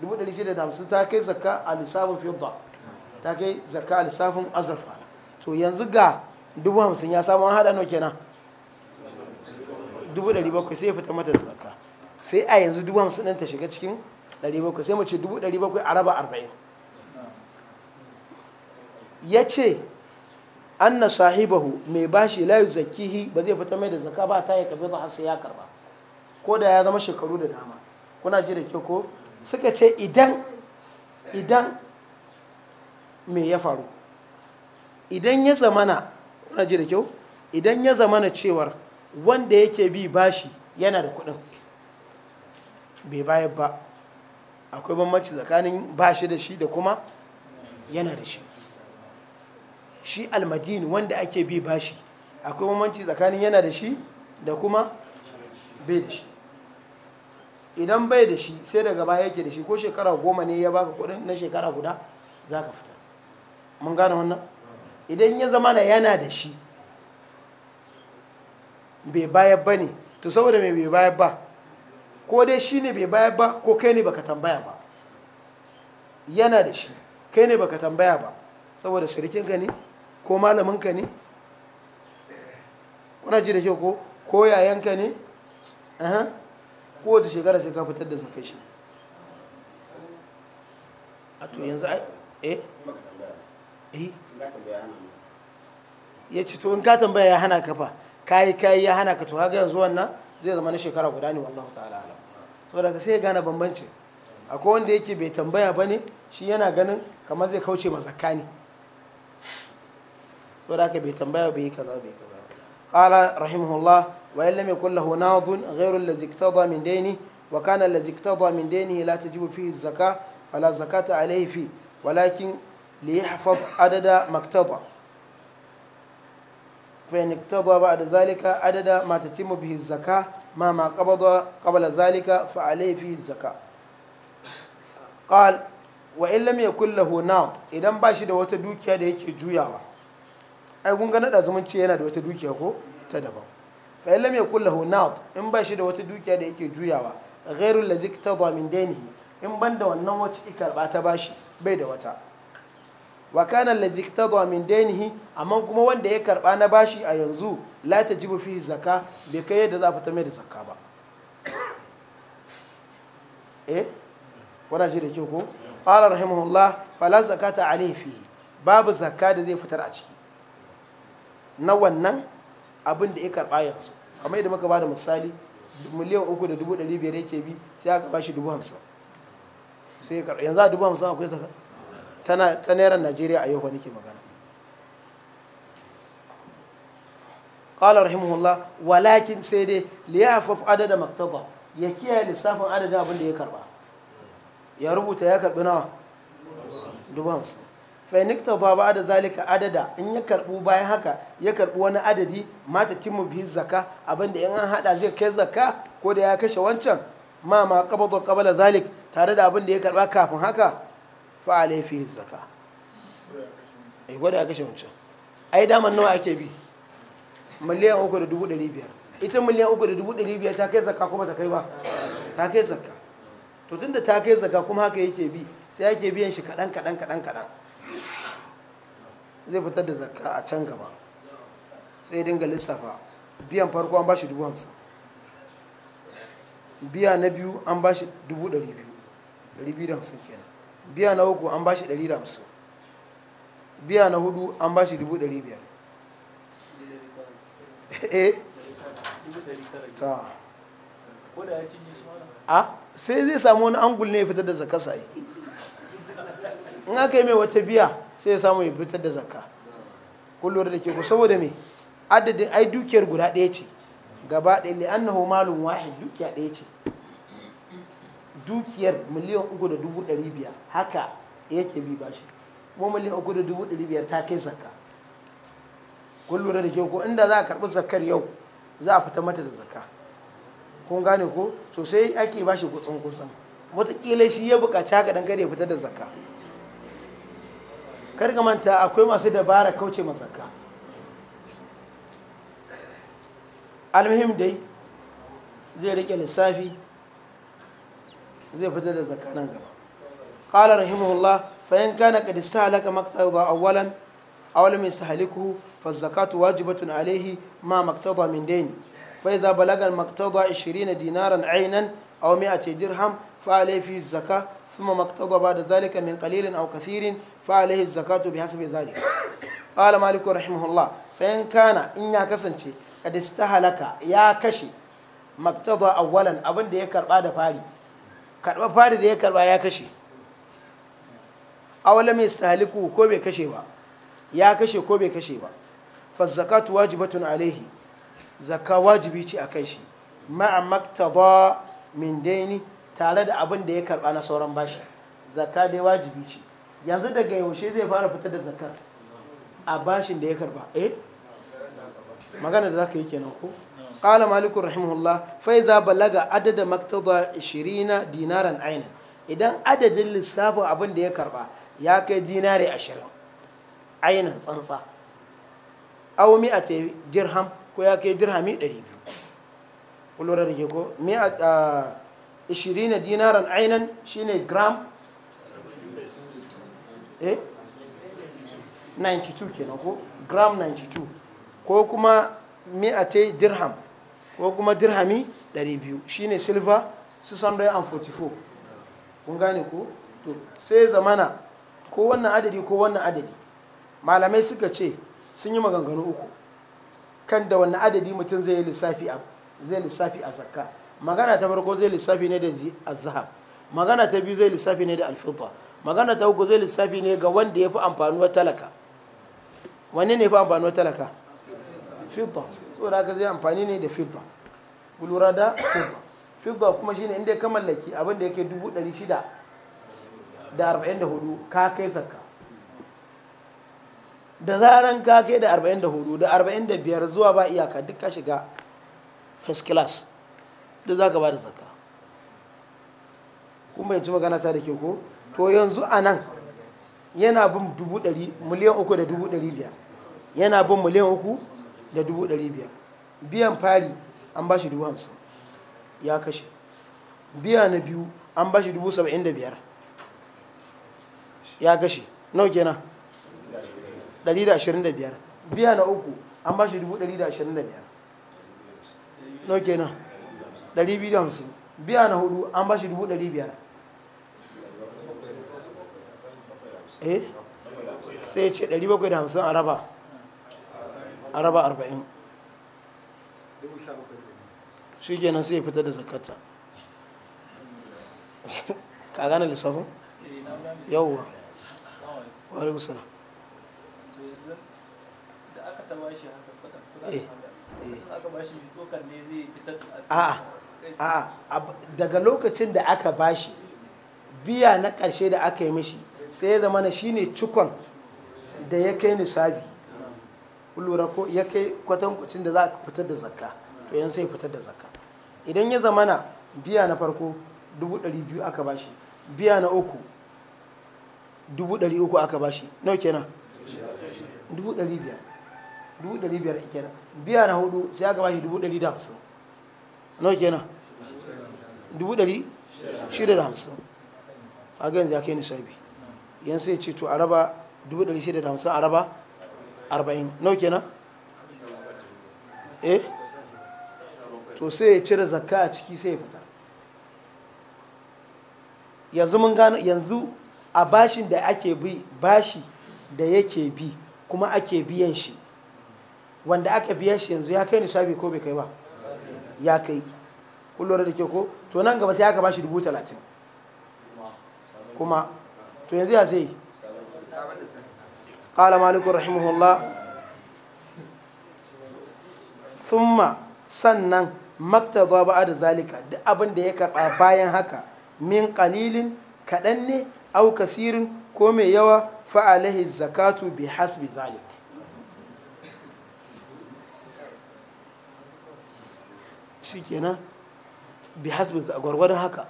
[SPEAKER 1] dubu ɗari shida da hamsin ta kai zaka a lissafin fiyodda ta kai zaka a lissafin azurfa to yanzu ga dubu hamsin ya samu an haɗa nau kenan dubu ɗari bakwai sai ya fita mata da zaka sai a yanzu dubu hamsin ɗin ta shiga cikin ɗari bakwai sai mace dubu ɗari bakwai a raba arba'in ya ce anna sahibahu mai bashi la zakihi ba zai fita mai da zaka ba ta yi kafi har sai ya karba ko da ya zama shekaru da dama kuna ji da ke ko suka ce idan idan me ya faru idan ya zamana kuna ji da kyau idan ya zamana cewar wanda yake bi bashi yana da kuɗin bai bayar ba akwai banbanci tsakanin bashi da shi da kuma yana da shi shi almadini wanda ake bi bashi akwai mamanci tsakanin yana da shi da kuma bai da shi idan bai da shi sai daga baya yake da shi ko shekara goma ne ya baka kudin na shekara guda za ka fita mun gane wannan idan ya zama na yana da shi bai bayar ba ne to saboda mai bai bayar ba ko dai shi ne bai bayar ba ko kai ne baka tambaya ba yana da shi kai ne baka tambaya ba saboda shirikin gani ne ko malaminka ne kuna ji da kyau ko ko yayanka ne kowace shekara sai ka fitar da zakai shi a to yanzu eh eh ya ci to in ka tambaya ya hana kafa kayi kayi ya hana ka to haka yanzu wannan zai zama na shekara guda ne wallahu ta'ala alam so daga sai ya gane bambanci akwai wanda yake bai tambaya ba ne shi yana ganin kamar zai kauce ma tsakani. saboda haka bai tambaya bai kaza bai kaza qala rahimahullah wa in lam yakul lahu nadun ghayru alladhi iqtada min dayni wa kana alladhi iqtada min daynihi la tajibu fihi zakah fala zakata alayhi fi walakin liyahfaz adada maktada فإن اقتضى بعد ذلك عدد ما تتم به الزكاة مهما قبض قبل ذلك فعليه فيه الزكاة قال وإن لم يكن له ناط إذا باشي da wata dukiya da yake juyawa ai kun ga nada zumunci yana da wata dukiya ko ta daban fa illam yakul lahu naqd in ba shi da wata dukiya da yake juyawa ghairu ladhi iktada min dainihi in ban da wannan wacce karba ta bashi bai da wata wa kana ladhi iktada min dainihi amma kuma wanda ya karba na bashi a yanzu la tajibu fihi zakka bai kai yadda za a fita mai da zakka ba eh wannan shi da kyau ko qala rahimahullah fala zakata alayhi fihi babu zakka da zai fitar a ciki na wannan abin da ya karɓa yanzu kamar yadda muka ba da misali miliyan uku da dubu ɗari biyar yake bi sai aka ba shi dubu hamsin sai ya karɓa yanzu a dubu hamsin akwai saka ta naira najeriya a yau fa nake magana قال رحمه الله ولكن سيدي ليعفف عدد ما اقتضى يكيه لسافن عدد ابن دي يكربا يا ربوت يا كربنا دبو 50 ta in iktaba da zalika adada in ya karbu bayan haka ya karbu wani adadi ta kimu bihi zaka abinda in an hada zai kai zaka ko da ya kashe wancan ma ma qabada qabala zalik tare da abinda ya karba kafin haka fa alai fihi zakka ai eh, gwada ya kashe wancan ai daman nawa ake bi miliyan uku da dubu ɗari biyar ita miliyan uku da dubu ɗari biyar ta kai zaka kuma ta kai ba ta kai zaka to tunda ta kai zaka kuma haka yake bi sai ake biyan shi kaɗan kaɗan kaɗan kaɗan zai fitar da zakka a can gaba sai dinga lissafa biyan farko an ba shi dubu hamsin biya na biyu an ba shi dubu ɗari biyu ɗari biyu da hamsin kenan biya na uku an ba shi ɗari da hamsin biya na hudu an ba shi dubu ɗari biyar [laughs] eh? a sai zai samu wani angul ne ya fitar da zakasa yi in aka yi mai wata biya sai ya samu ya fitar da zakka kun da ke ku saboda me adadin ai dukiyar guda ɗaya ce gaba ɗaya li'annahu malun wahid dukiya ɗaya ce dukiyar miliyan uku da dubu ɗari biyar haka yake bi ba shi kuma miliyan uku da dubu ɗari biyar ta kai zakka kun lura da ke ko inda za a karɓi zakkar yau za a fita mata da zakka kun gane ko sosai ake ba shi kutsan kusan wataƙila shi ya buƙaci haka ɗan kada ya fitar da zakka kar ka manta akwai masu dabara kauce mazaka almuhim dai zai rike lissafi zai fitar da zakka nan gaba qala rahimahullah fa in kana qad sahalaka maqtada awwalan aw lam yastahlikuhu fa az wajibatun alayhi ma maqtada min daini fa idha balaga al-maqtada 20 dinaran a aw 100 dirham fa alayhi fi az-zakah thumma maqtada ba'da min qalilin a kasirin فعليه الزكاة بحسب ذلك قال مالك رحمه الله فإن كان إن يكسنشي قد استهلك يا كشي مقتضى أولا أبن دي يكرب هذا دفاري كرب فاري دي يكرب يا كشي أولا ما يستهلكه كوبي كشي با يا كشي كوبي كشي با فالزكاة واجبة عليه زكاة واجبة أكشي مع مقتضى من ديني تعالى أبن دي يكرب أنا صورا باشا sauran bashi zakka dai wajibi ce yanzu daga yaushe zai fara fitar da zakar a bashin da ya karba eh magana da zaka yi kenan ko qala malikur rahimahullah fa idza balaga adada maktada 20 dinaran aina idan adadin lissafin abin da ya karba ya kai dinari 20 aina tsantsa aw mi'ati dirham ko ya kai dirhami 200 kullura da ko mi'a 20 ah, dinaran aina shine gram eh 92 kenan ko gram 92 ko kuma mi'ate dirham ko kuma dirhami 200 shine silver 644 kun gane ko to sai zamana ko wannan adadi ko wannan adadi malamai suka ce sun yi maganganu uku kan da wannan adadi mutum zai lissafi a zai lissafi a zakka magana ta farko zai lissafi ne da azhab magana ta biyu zai lissafi ne da alfita magana ta uku zai lissafi ne ga wanda ya fi amfanuwar talaka wanne ne fi amfanuwar talaka fidda da haka zai amfani ne da fibba gulura da fibba fibba kuma shine inda ya mallaki abin da yake dubu ɗari shida da arba'in da hudu ka kai sakka da zaran ka kai da arba'in da hudu da arba'in da biyar zuwa ba iyaka duk ka shiga first class duk za ka ba da sakka kuma yanzu magana ta da ke ko to yanzu a nan yana bin dubu ɗari miliyan uku da dubu ɗari biyar yana bin miliyan uku da dubu ɗari biyar biyan fari an ba shi dubu hamsin ya kashe biya na biyu an ba shi dubu saba'in da biyar ya kashe nau kenan ɗari da ashirin da biyar biya na uku an ba shi dubu ɗari da ashirin da biyar nau kenan ɗari biyu da hamsin biya na hudu an ba shi dubu ɗari biyar eh sai ya ce 750 a raba a raba 40 shi ke nan sai ya fitar da zakata ka gane lissafin
[SPEAKER 2] yauwa wani musana da aka taba shi haka eh, eh.
[SPEAKER 1] fada daga lokacin da aka bashi biya na karshe da aka yi mishi sai ya zama shi ne cikon da ya kai nisabi kullura ko ya kai kwatankwacin da za a fitar da zakka to yan sai fitar da zakka idan ya zama na biya na farko 200,000 aka bashi biya na uku 300,000 aka bashi nau kenan 500,000 kenan biya na hudu sai aka bashi 150,000 nau kenan 650,000 a ga yanzu ya kai nisabi yanzu ya ce to a raba 650 a raba 40 nau kenan eh to sai ya cire zakka a ciki sai ya fita yanzu mun gano yanzu a bashin da ake bi bashi da yake bi kuma ake biyan shi wanda aka biyan shi yanzu ya kai nisabi ko bai kai ba ya kai kullum da ke ko to nan gaba sai aka bashi dubu talatin kuma to yanzu ya zai qala malikun rahimahullah thumma sannan maktaba da zalika da abin da ya karɓa bayan haka min ƙalilin kaɗan ne au kasirin ko mai yawa fa'alahi zakatu bi hasbi zalik shi kenan bi hasbi gwargwadon haka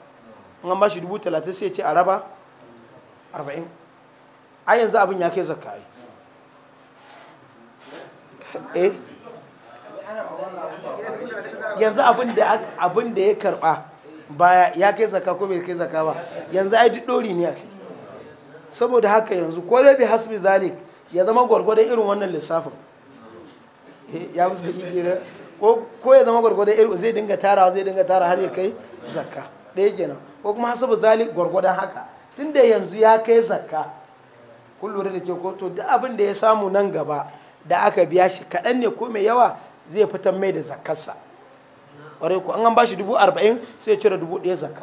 [SPEAKER 1] an ba shi dubu talatin sai ce a raba 40 a yanzu abin ya kai zakka ai eh yanzu abin da ya karba baya ya kai zakka ko bai kai zakka ba yanzu ai duk dori ne ake saboda haka yanzu ko da bi hasbi zalik ya zama gwargwadon irin wannan lissafin eh, ya musu da igiyar ko ya zama gwargwadon irin zai dinga tarawa zai dinga tara har ya kai zakka ɗaya kenan ko kuma hasabu zalik gwargwadon haka Tun da yanzu ya kai zakka kun lura da ke ko to duk abin da ya samu nan gaba da aka biya shi kaɗan ne ko mai yawa zai fitan mai da zakkarsa ƙwarai ku an an bashi dubu arba'in sai ya cire dubu ɗaya zakka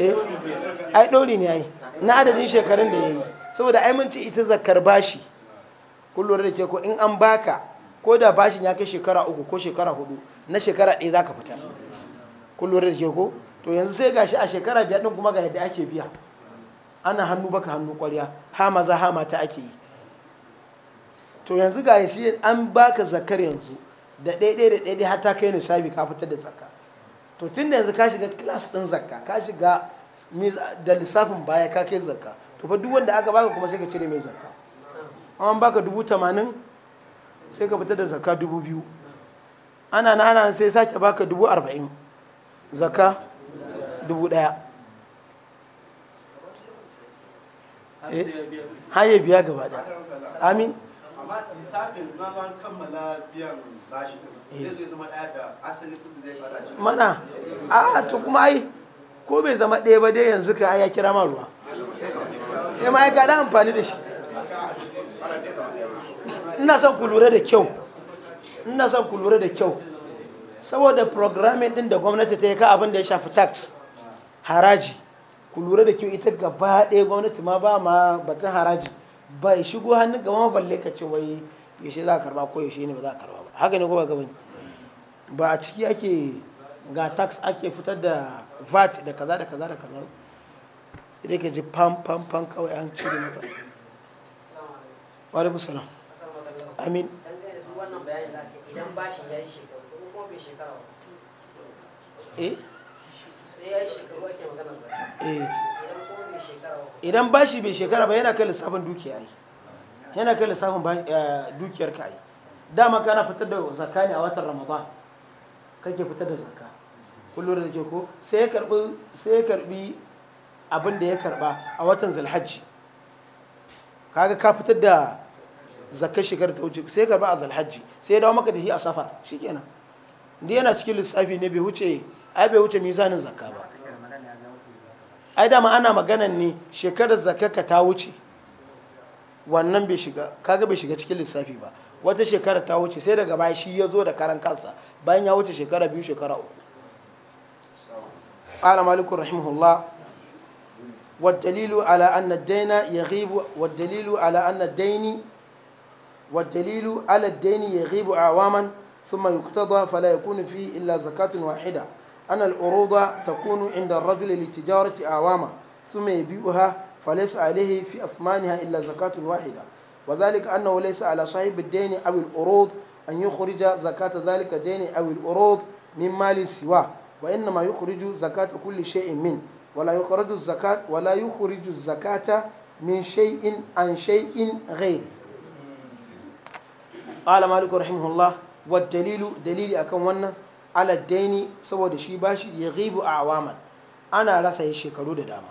[SPEAKER 2] eh, ai ɗori ne ai na adadin shekarun da ya yi
[SPEAKER 1] saboda ai ita zakkar bashi kun lura da ke ko in an baka ko da bashin ya kai shekara uku ko shekara hudu na shekara ɗaya za ka fitar kullum da ke ko to yanzu sai gashi a shekara biyar din kuma ga yadda ake biya ana hannu baka hannu kwarya ha maza ha mata ake yi to yanzu ga shi an baka zakar yanzu da ɗaiɗai da ɗaiɗai har ta kai nisabi ka fitar da zakka to tun da yanzu ka shiga kilas ɗin zakka ka shiga da lissafin baya ka kai zakka to fa duk wanda aka baka kuma sai ka cire mai zakka an baka dubu tamanin sai ka fitar da zakka dubu biyu ana na ana sai sake baka dubu arba'in zaka dubu ɗaya eh, har ya biya gaba ɗaya amin
[SPEAKER 2] amma lissafin ma ba kammala biyan bashi ɗin zai zama ɗaya da asali kudi zai fara cikin mana a
[SPEAKER 1] to kuma ai ko bai zama ɗaya ba dai yanzu ka ya kira ma ruwa
[SPEAKER 2] ya ma ya kada amfani da
[SPEAKER 1] shi ina son ku lura da kyau ina son ku lura da kyau saboda programming din da gwamnati ta yi ka abin da ya shafi tax haraji ku lura da kyau ita gaba ɗaya gwamnati ma ba ma batun haraji ba ya shigo hannun ma balle ka ce wai yaushe za a karba ko yaushe ne ba za a karba ba haka ne kuma gaba ba a ciki ake ga tax ake fitar da vat da kaza da kaza da kaza sai dai ka ji pam pam pam kawai an cire maka wa alaikum salam amin idan bashin ya yi bai shekara eh, eh. idan bashi bai shekara ba yana kai lissafin dukiya yi yana kai lissafin eh, dukiyar ka yi dama kana fitar da zaka ne a watan ramadan kake fitar da zakka kullum da ke ko sai ya karbi abin da ya karba a watan zulhajji kaga ka fitar da zakkar shekarar ta wuce sai ya karba a zulhajji sai ya dawo maka da shi a safar shikenan duk yana cikin lissafi ne bai wuce ai bai wuce mizanin zakka ba ai dama ana maganan ne shekarar zakarka ta wuce wannan bai shiga kaga bai shiga cikin lissafi ba wata shekara ta wuce sai daga baya shi ya zo da karan kansa bayan ya wuce shekara biyu shekara uku قال مالك رحمه الله والدليل على أن الدين يغيب والدليل على أن الدين والدليل على الدين يغيب أعواما ثم يقتضى فلا يكون فيه إلا زكاة واحدة أن العروض تكون عند الرجل لتجارة أعوامه ثم يبيعها فليس عليه في أثمانها إلا زكاة واحدة وذلك أنه ليس على صاحب الدين أو الأروض أن يخرج زكاة ذلك الدين أو الأروض من مال سواه وإنما يخرج زكاة كل شيء منه ولا يخرج الزكاة ولا يخرج الزكاة من شيء عن شيء غير قال مالك رحمه الله wa dalilu dalili akan wannan ala daini saboda shi bashi ya ghibu a awaman ana rasa ya shekaru da dama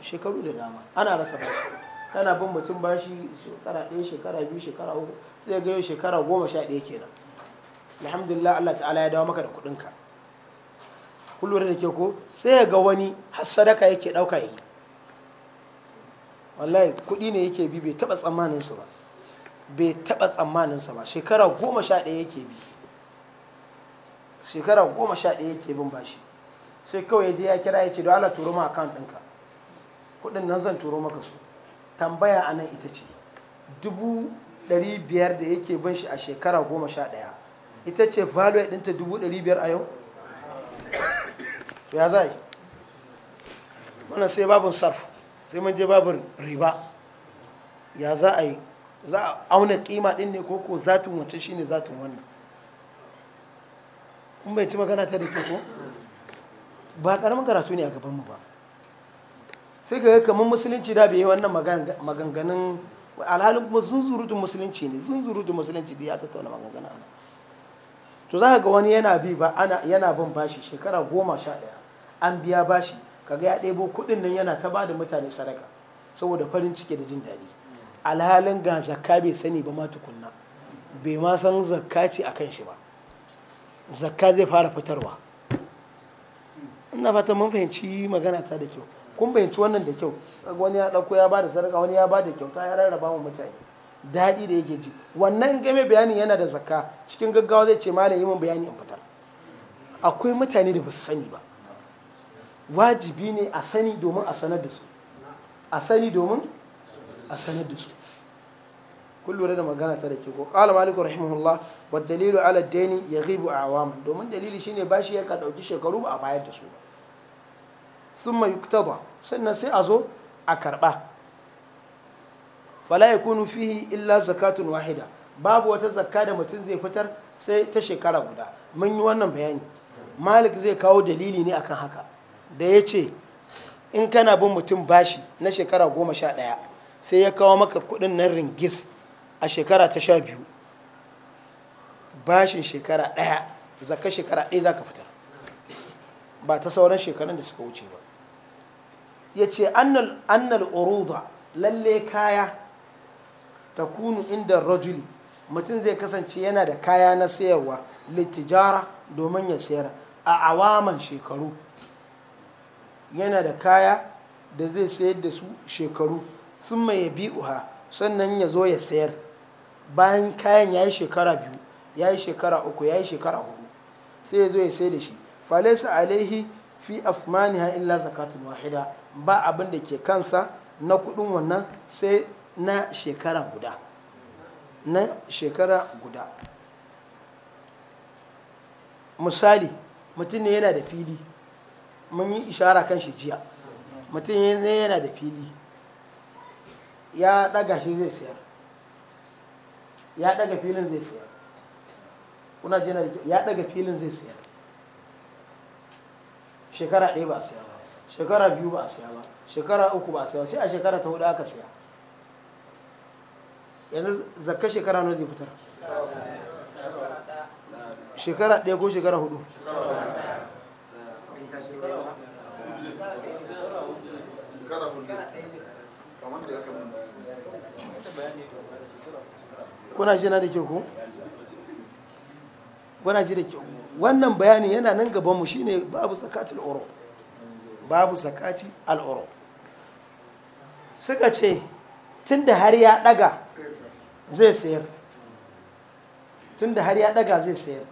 [SPEAKER 1] shekaru da dama ana rasa bashi kana bin mutum bashi shekara ɗaya shekara uku sai ga yau shekara goma sha ɗaya kenan alhamdulillah Allah ta'ala ya dawo maka da kuɗinka kun da ke ko sai ga wani har yake ɗauka yi wallahi kuɗi ne yake bi bai taɓa tsammanin su ba bai taɓa tsammaninsa ba shekara goma sha ɗaya yake bi shekara goma sha ɗaya yake bin bashi sai kawai dai ya kira ya ce don turo ma akan ɗinka kuɗin nan zan turo maka su tambaya a nan ita ce dubu ɗari biyar da yake bin shi a shekara goma sha ɗaya ita ce value ɗinta dubu ɗari biyar a yau ya za yi mana sai babin sarf sai mun je babin riba ya za a yi za a auna kima din ne ko ko zatin wancan shine zatin wannan in bai ci magana ta da ke ko ba karamin karatu ne a gaban mu ba sai ga kamar musulunci da bai wannan maganganun alhalin kuma zunzurutun musulunci ne zunzurutun musulunci da ya tattauna maganganu ana to za ka ga wani yana bi ba ana yana bin bashi shekara goma sha ɗaya an biya bashi kaga ya ɗebo kuɗin nan yana ta ba da mutane sadaka saboda farin ciki da jin daɗi alhalin ga zakka bai sani ba ma tukunna bai ma san zakka ce a kan shi ba zakka zai fara fitarwa ina fata mun fahimci magana ta da kyau kun fahimci wannan da kyau wani ya ɗauko ya bada sadaka wani ya bada kyauta ya rarraba wa mutane daɗi da yake ji wannan game bayanin yana da zakka cikin gaggawa zai ce malam yi mun bayani in fitar akwai mutane da ba su sani ba wajibi ne a sani domin a sanar da su a sani domin a sanar da su kun lura da magana ta da ke ko kala maliku rahimahullah wa dalilu ala daini a awam domin dalili shine bashi ya ka dauki shekaru ba a bayar da su ba summa yuktada sannan sai a zo a karba fala kunu fihi illa zakatun wahida babu wata zakka da mutum zai fitar sai ta shekara guda mun yi wannan bayani malik zai kawo dalili ne akan haka da ya ce in kana bin mutum bashi na shekara goma sha ɗaya sai ya kawo maka kudin nan ringis a shekara ta sha biyu bashin shekara ɗaya zaka shekara ɗaya za ka fita ba ta sauran shekarun da suka wuce ba ya ce annal uruda lalle kaya ta kunu inda rajuli mutum zai kasance yana da kaya na sayarwa littijara domin ya sayar a awaman shekaru yana da kaya da zai sayar da su shekaru sun mai uha sannan ya zo ya sayar bayan kayan ya yi shekara biyu ya yi shekara uku ya yi shekara hudu sai ya zo ya sai da shi falaisa alaihi fi asmaniha illa zakatun wahida ba abin da ke kansa na kudin wannan sai na shekara guda na shekara guda misali mutum ne yana da fili mun yi ishara kan shi jiya mutum ne yana da fili ya daga shi zai siya ya daga filin zai siya kuna jina da ya daga filin zai siya shekara ɗaya ba a siya ba shekara biyu ba a siya ba shekara uku ba a siya ba sai a shekara ta hudu aka siya yanzu zakka shekara nawa zai fitar shekara ɗaya ko shekara hudu
[SPEAKER 2] kuna na da ke ku
[SPEAKER 1] kuna ji da ke wannan bayanin yana nan gaban mu shine babu zakatul uru babu zakati al uru suka ce tunda har ya daga zai sayar tunda har ya daga zai sayar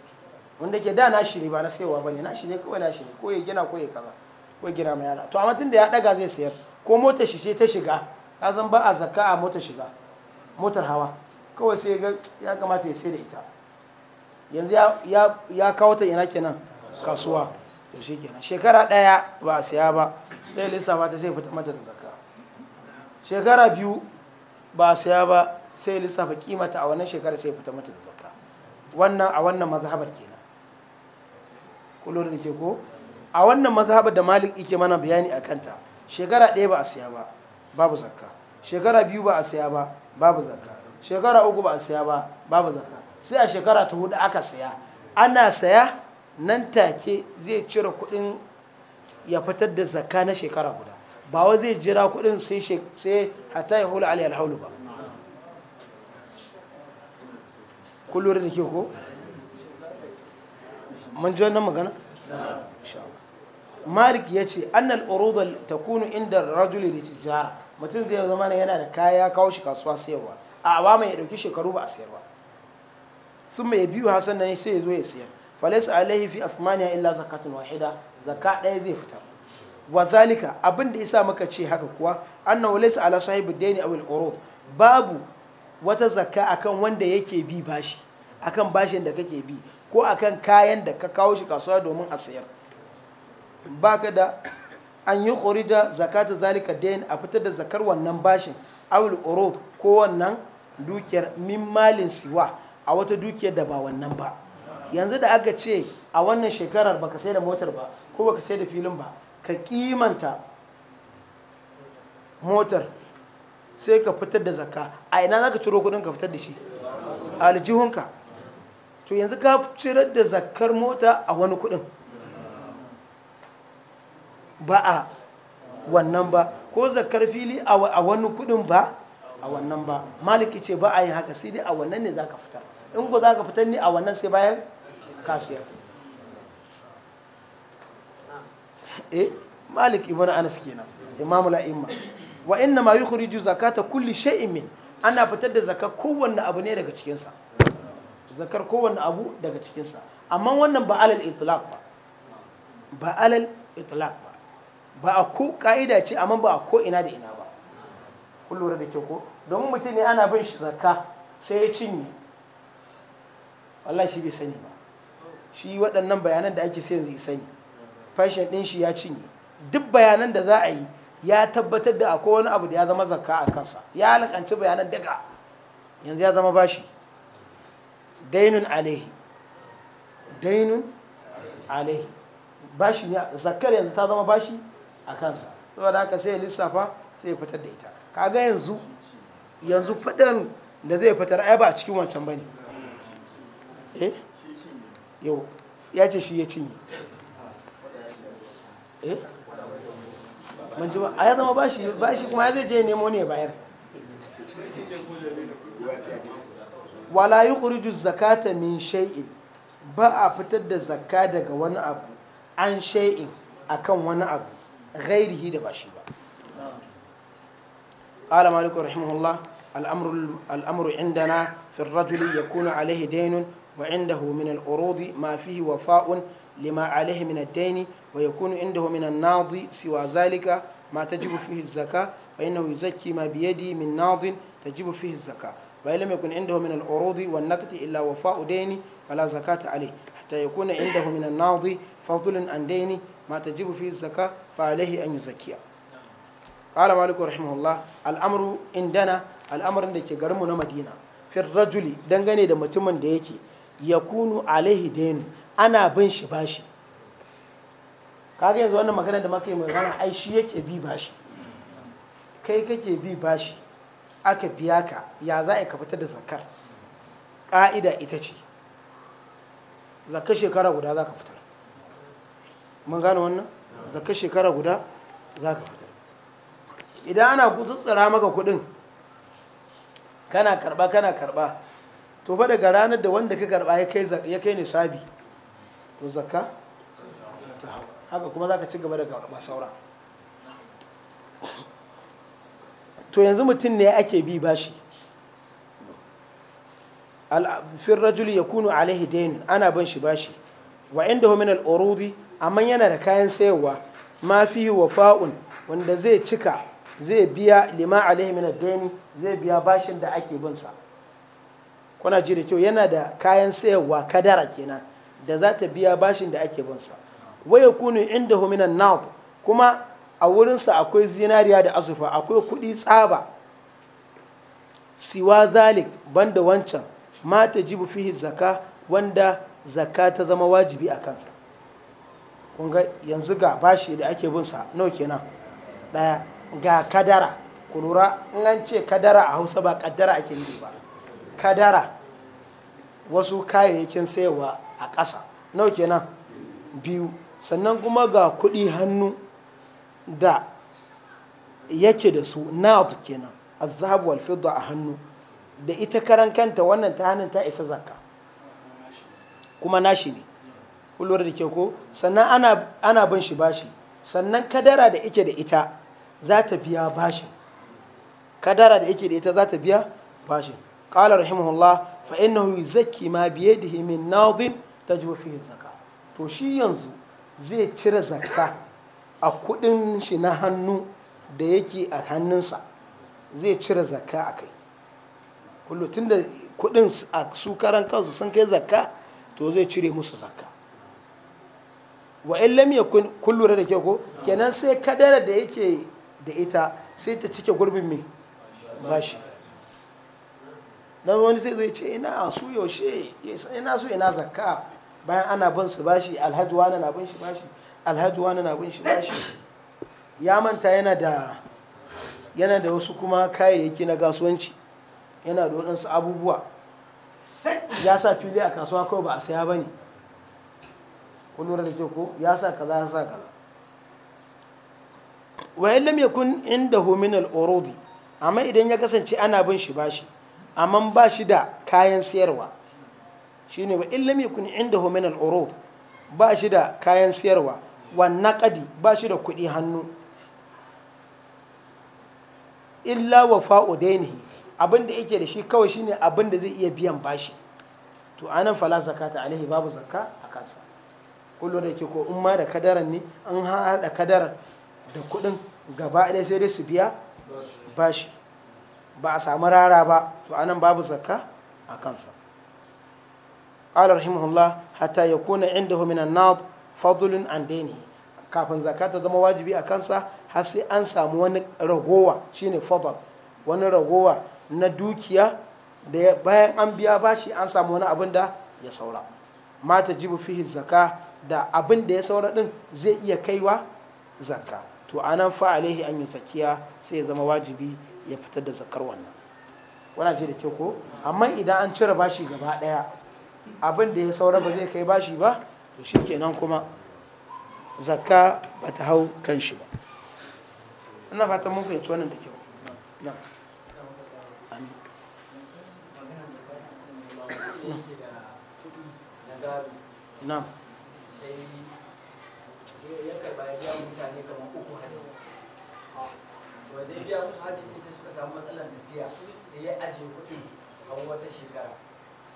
[SPEAKER 1] wanda ke da nashi ne ba na sayarwa ba ne nashi ne kawai nashi ne ko ya gina ko ya kaza ko ya gina mai yana to amma tunda ya daga zai sayar ko motar shi ce ta shiga ka san ba a zakka a motar shiga motar hawa kawai sai ga ya kamata ya sai da ita yanzu ya kawo ta ina kenan kasuwa da shi kenan shekara ɗaya ba a siya ba sai lissafa ta sai fita mata da zaka shekara biyu ba a siya ba sai lissafa kimata a wannan shekara sai fita mata da zaka wannan a wannan mazhabar kenan kullum da ke ko a wannan mazhabar da malik yake mana bayani a kanta shekara ɗaya ba a siya ba babu zakka shekara biyu ba a siya ba babu zakka shekara uku ba a saya ba babu zaka sai a shekara ta hudu aka saya ana saya nan take zai cire kuɗin ya fitar da zaka na shekara guda ba wa zai jira kuɗin sai hata ya hula aliyar haulu ba kullurin da ke ko? mun ji wannan magana? malik ya ce annal urudal kunu inda rajuli da tijara mutum zai zama yana da kaya kawo shi kasuwa sayarwa a awaman ya ɗauki shekaru ba a sayar ba sun mai biyu hasan nan sai ya zo ya sayar falaisa alaihi fi asmaniya illa zakatun wahida zaka ɗaya zai fita wa zalika abin da isa maka ce haka kuwa annahu laysa ala sahibi ne aw al babu wata zakka akan wanda yake bi bashi akan bashin da kake bi ko akan kayan da ka kawo shi kasuwa domin a sayar baka da an yi da zakata zalika dain a fitar da zakar wannan bashin aw al ko wannan dukiyar min malin siwa a wata dukiyar da ba wannan ba yanzu da aka ce a wannan shekarar baka sai da motar ba ko baka sai da filin ba ka kimanta motar sai ka fitar da zakka a ina za ka ciro kudin ka fitar da shi aljihunka to yanzu ka cirar da zakkar mota a wani kudin ba a wannan ba ko zakkar fili a wani kudin ba a wannan ba maliki ce ba a yi haka sai dai a wannan ne za ka fitar in ko za ka fitar ne a wannan sai bayan kasiyar eh malik ibn anas kenan imamu la'imma wa inna ma yukhriju zakata kulli shay'in min ana fitar da zakar kowanne abu ne daga cikinsa zakar kowanne abu daga cikinsa amma wannan ba alal itlaq ba ba alal itlaq ba ba a ko ka'ida ce amma ba a ko ina da ina ba kun lura da ke ko domin mutum ne ana bin shi zakka sai ya cinye wallahi shi bai sani ba shi waɗannan bayanan da ake sai yanzu sani fashin ɗin shi ya cinye duk bayanan da za a yi ya tabbatar da akwai wani abu da ya zama zakka a kansa ya alƙanci bayanan daga yanzu ya zama bashi dainun alaihi dainun alaihi bashi ne zakkar yanzu ta zama bashi a kansa saboda haka sai ya lissafa sai ya fitar da ita kaga yanzu yanzu fadin da zai fitar ai ba a cikin wancan bane eh yo ya ce shi ya cinye eh manji ba a zama bashi bashi kuma ya zai je nemo ne bayar wala yukhrijuz zakata min shay'in ba a fitar da zakka daga wani abu an shay'in akan wani abu ghairihi da ba shi ba قال مالك رحمه الله الأمر, الأمر عندنا في الرجل يكون عليه دين وعنده من القروض ما فيه وفاء لما عليه من الدين ويكون عنده من الناض سوى ذلك ما تجب فيه الزكاة فإنه يزكي ما بيده من ناض تجب فيه الزكاة وإن لم يكن عنده من العروض والنقد إلا وفاء دين فلا زكاة عليه حتى يكون عنده من الناض فضل عن دين ما تجب فيه الزكاة فعليه أن يزكيه qala maliku rahimahullah al'amru indana al'amarin da ke garinmu na madina fir rajuli dangane da mutumin da yake yakunu alaihi dainu ana bin shi ba bashi kaga yanzu wannan magana da muka yi magana ai shi yake bi ba shi kai kake bi ba shi aka biya ka ya za a fitar da zakar ƙa'ida ita ce za ka zakar shekara guda za ka fitar idan ana gutsutsura maka kuɗin kana karba kana karba to fa daga ranar da wanda ka karba ya kai ya kai nisabi to zakka haka kuma zaka ci gaba da karba saura to yanzu mutum ne ake bi bashi fi rajul ya kunu alaihi dain ana ban shi bashi wa inda min al amma yana da kayan sayarwa ma fihi wafa'un wanda zai cika zai biya lima alaihi min ad-dain zai biya bashin da ake bin sa kuna ji da kyau yana da kayan sayarwa kadara kenan da za ta biya bashin da ake bin sa waya kunu indahu min an kuma a wurinsa akwai zinariya da azurfa akwai kuɗi tsaba siwa zalik banda wancan mata jibu fihi zaka wanda zaka ta zama wajibi a kansa kunga yanzu ga bashi da ake binsa nawa kenan daya ga kadara ku lura in an ce kadara a hausa ba kadara ake yi ba kadara wasu kayayyakin sayarwa a ƙasa nau kenan biyu sannan kuma ga kuɗi hannu da yake da su nadu kenan a wal fidda a hannu da ita karan kanta wannan ta hannun ta isa zakka kuma nashi ne kullum da ke ko sannan ana bin shi bashi sannan kadara da ike da ita za ta biya bashin kadara da yake da ita za ta biya bashin qala rahimahullah fa innahu yuzakki ma bi yadihi min nadin tajbu fihi zakka to shi yanzu zai cire zakka a kudin shi na hannu da yake a hannunsa zai cire zakka a kai kullu tunda kudin a su karan kansu sun kai zakka to zai cire musu zakka wa in yakun kullu da ke ko kenan sai kadara da yake da ita sai ta cike gurbin mai bashi don wani sai zai ce ina su yaushe ina su ina zakka bayan ana bin su bashi alhaji wani na bin shi bashi alhaji wani na bin shi bashi ya manta yana da yana da wasu kuma kayayyaki na kasuwanci yana da waɗansu abubuwa ya sa fili a kasuwa kawai ba a saya ba ne kun da ke ko ya sa kaza ya sa kaza wa in lam yakun indahu min al amma idan ya kasance ana bin shi bashi amma ba shi da kayan siyarwa shine wa in lam yakun indahu min al-urud ba shi da kayan siyarwa wa naqadi ba shi da kuɗi hannu illa wa fa'u dainihi abin da yake da shi kawai shine abin da zai iya biyan bashi to anan fala zakata alaihi babu zakka a kansa da yake ko in ma da kadaran ne an haɗa kadaran da kuɗin gaba ɗaya sai dai su biya bashi ba a samu rara ba to anan babu zakka a kansa قال rahimahullah hatta ya kuna inda من الناظ فضل an daini kafin zakka ta zama wajibi a kansa har sai an samu wani ragowa shine fadl wani ragowa na dukiya da bayan an biya bashi an samu wani abin da ya saura mata jibu fihi zakka da abin da ya saura din zai iya kaiwa zakka to a nan fa alaihi an yusakiya sai ya zama wajibi ya fitar da zakar wannan wana ji da ke ko amma idan an cire bashi gaba daya abin da ya saura ba zai kai bashi ba to shi kenan kuma zakka ba ta hau kan shi ba ina fatan mun fahimci wannan da kyau na'am
[SPEAKER 2] ba zai biya musu hajji ne sai suka samu matsalar tafiya sai ya ajiye kuɗin a wata shekara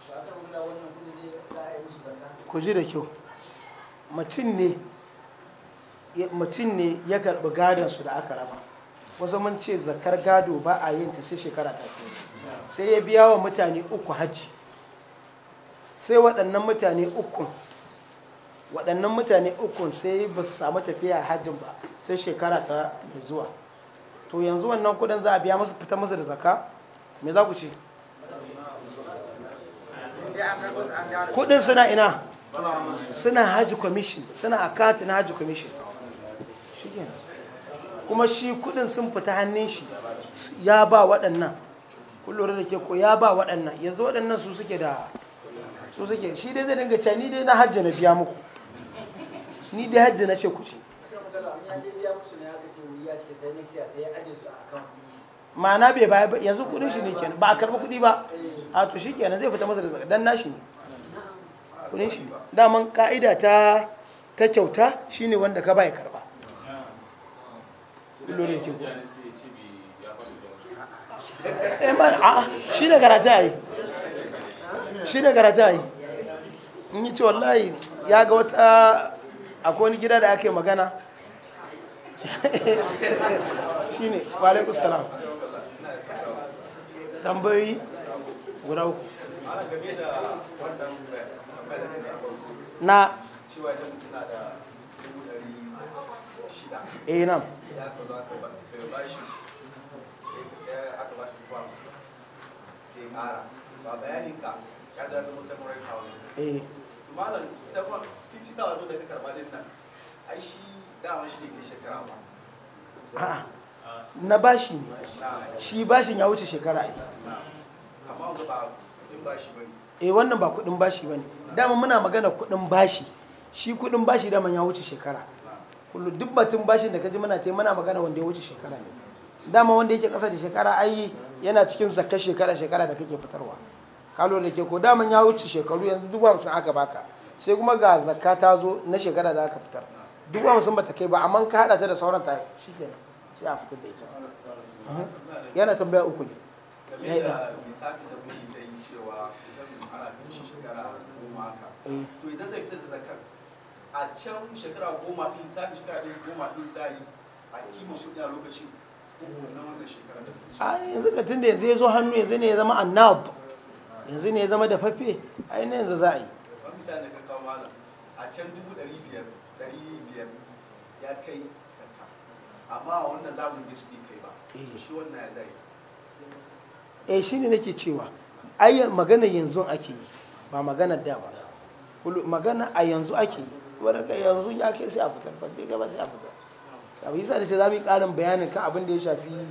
[SPEAKER 2] ba aka rula wannan kuɗi zai za musu zakka ku ji da kyau
[SPEAKER 1] mutum ne mutum ne ya karɓi gadon su da aka raba wasu mun ce zakar gado ba a yin ta sai shekara ta ke sai ya biya wa mutane uku hajji sai waɗannan mutane uku waɗannan mutane ukun sai ba su samu tafiya hajjin ba sai shekara ta zuwa to yanzu wannan kudin za a biya musu fita musu da zaka me za ku ce
[SPEAKER 2] kudin suna ina
[SPEAKER 1] suna haji commission suna akati na haji commission kuma shi kudin sun fita hannun shi ya ba waɗannan kullure da ke ko ya ba waɗannan yanzu waɗannan su suke da su suke shi dai zai dinga can ni dai na hajji na biya muku ni dai hajji na ce ku ce ma'ana bai baya ba yanzu kudin shi ne kenan ba a karɓi kudi ba eh. a to shi kenan zai fita masa da zaka dan nashi ne kudin shi ne daman ka'ida ta ta kyauta shine wanda ka bai karba lori ce ko
[SPEAKER 2] eh ba a shi ne karata yi
[SPEAKER 1] shi ne karata yi in yi ce wallahi ya ga wata akwai wani gida da ake magana
[SPEAKER 2] shine walaikun salam
[SPEAKER 1] tambayi guda uku na eh nan
[SPEAKER 2] eh. ba da a'a
[SPEAKER 1] ah. na bashi ne ah. shi bashin ya wuce shekara ai ah. eh wannan ba kudin bashi bane dama muna magana kudin bashi shi kudin bashi dama ya wuce shekara kullu duk batun bashin da kaji muna tai muna magana wanda ya wuce shekara ne dama wanda yake kasa da shekara ai yana cikin zakar shekara shekara da kake fitarwa kalo da ke ko dama ya wuce shekaru yanzu duk hamsin aka baka sai kuma ga zakka ta zo na shekara da aka fitar duk hamsin ba ta kai ba amma ka haɗa ta da sauran ta shi kenan sai a fitar da
[SPEAKER 2] ita yana tambaya uku ne game da misali da muke ta yi cewa idan ana bin shi shekara goma ka to idan zai fitar da zakar a can shekara goma ɗin sa'i shekara ɗin goma ɗin sa'i a kima kuɗi a lokacin a
[SPEAKER 1] yanzu ka da yanzu ya zo hannu yanzu ne ya zama annab yanzu ne ya zama da fafe ai yanzu za a yi
[SPEAKER 2] misali da kakkawa a can dubu ɗari biyar ɗari biyar ya kai amma wannan kai ba eh. shi wannan ya zai
[SPEAKER 1] eh shi ne nake cewa ai magana yanzu ake yi ba magana da ba magana a yanzu ake yi saboda yanzu ya kai sai a fitar ba dai gaba sai a fitar abu yasa da sai za mu yi ƙarin bayanin kan abin da ya shafi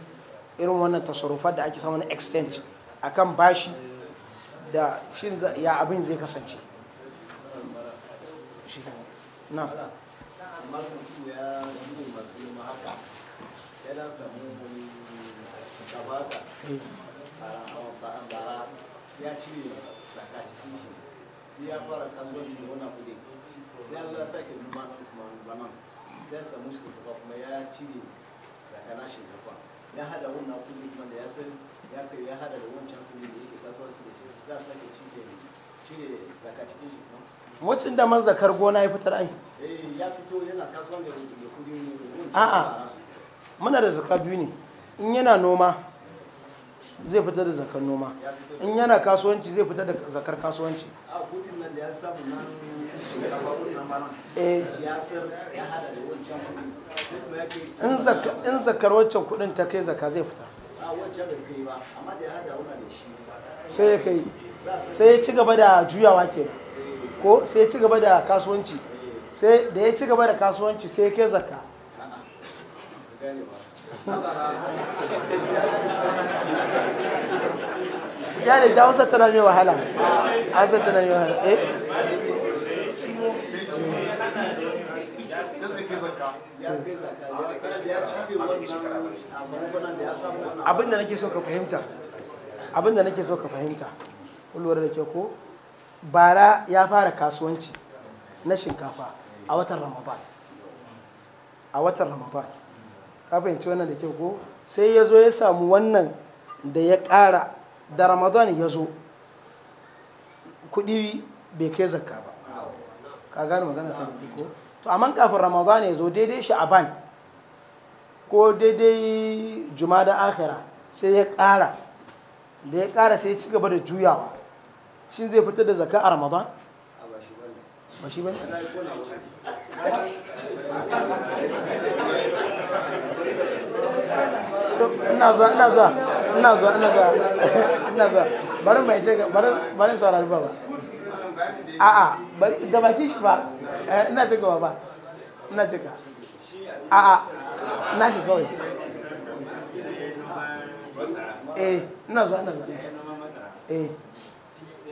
[SPEAKER 1] irin wannan tasarrufar da ake samu na a akan bashi da shi ya abin zai kasance na
[SPEAKER 2] amma kanku ya yi masu yi haka yana samu gabata a bara sai ya cire daga cikin shi sai ya fara kasuwanci da wani kudi sai Allah ya sake numa banan sai ya samu shi kuma kuma ya cire sakana shi kwa ya hada wannan kudi kuma da ya san ya kai ya hada da wancan kudi da yake kasuwanci da shi ya sake cire cire zaka cikin shi kuma
[SPEAKER 1] wacin da man zakar gona ya fitar ai
[SPEAKER 2] eh, ya fito yana kasuwan da kudin a'a
[SPEAKER 1] muna da zakar biyu ne in yana noma zai fitar da zakar noma in yana kasuwanci zai fitar da zakar kasuwanci
[SPEAKER 2] a kudin nan da ya samu nan in zakar
[SPEAKER 1] waccan kudin ta kai zaka zai fita sai ya kai sai ya ci gaba da juyawa kenan ko sai ya ci gaba da kasuwanci sai da ya ci gaba da kasuwanci sai ya kai ya ne sai wasa tana mai wahala wasa tana mai wahala eh abinda nake so ka fahimta abinda nake so ka fahimta kulwar da ke ko bara ya fara kasuwanci na shinkafa a watan ramadan a watan ramadan ka fahimci wannan da ke ko sai ya zo ya samu wannan da ya ƙara da ramadan ya zo kuɗi bai kai zakka ba ka gane magana ta da ko to amma kafin ramadan ya zo daidai sha'aban ko daidai juma da akhira sai ya ƙara da ya ƙara sai ya ci gaba da juyawa shi zai fitar da zaka a ramadan ba shi ba ina zuwa ina zuwa ina zuwa ina zuwa ina zuwa bari mai ce bari sauran ba ba a'a da baki shi ba eh, ina ce gaba ba ina ce ka a'a na shi kawai
[SPEAKER 2] eh ina zuwa ina zuwa
[SPEAKER 1] eh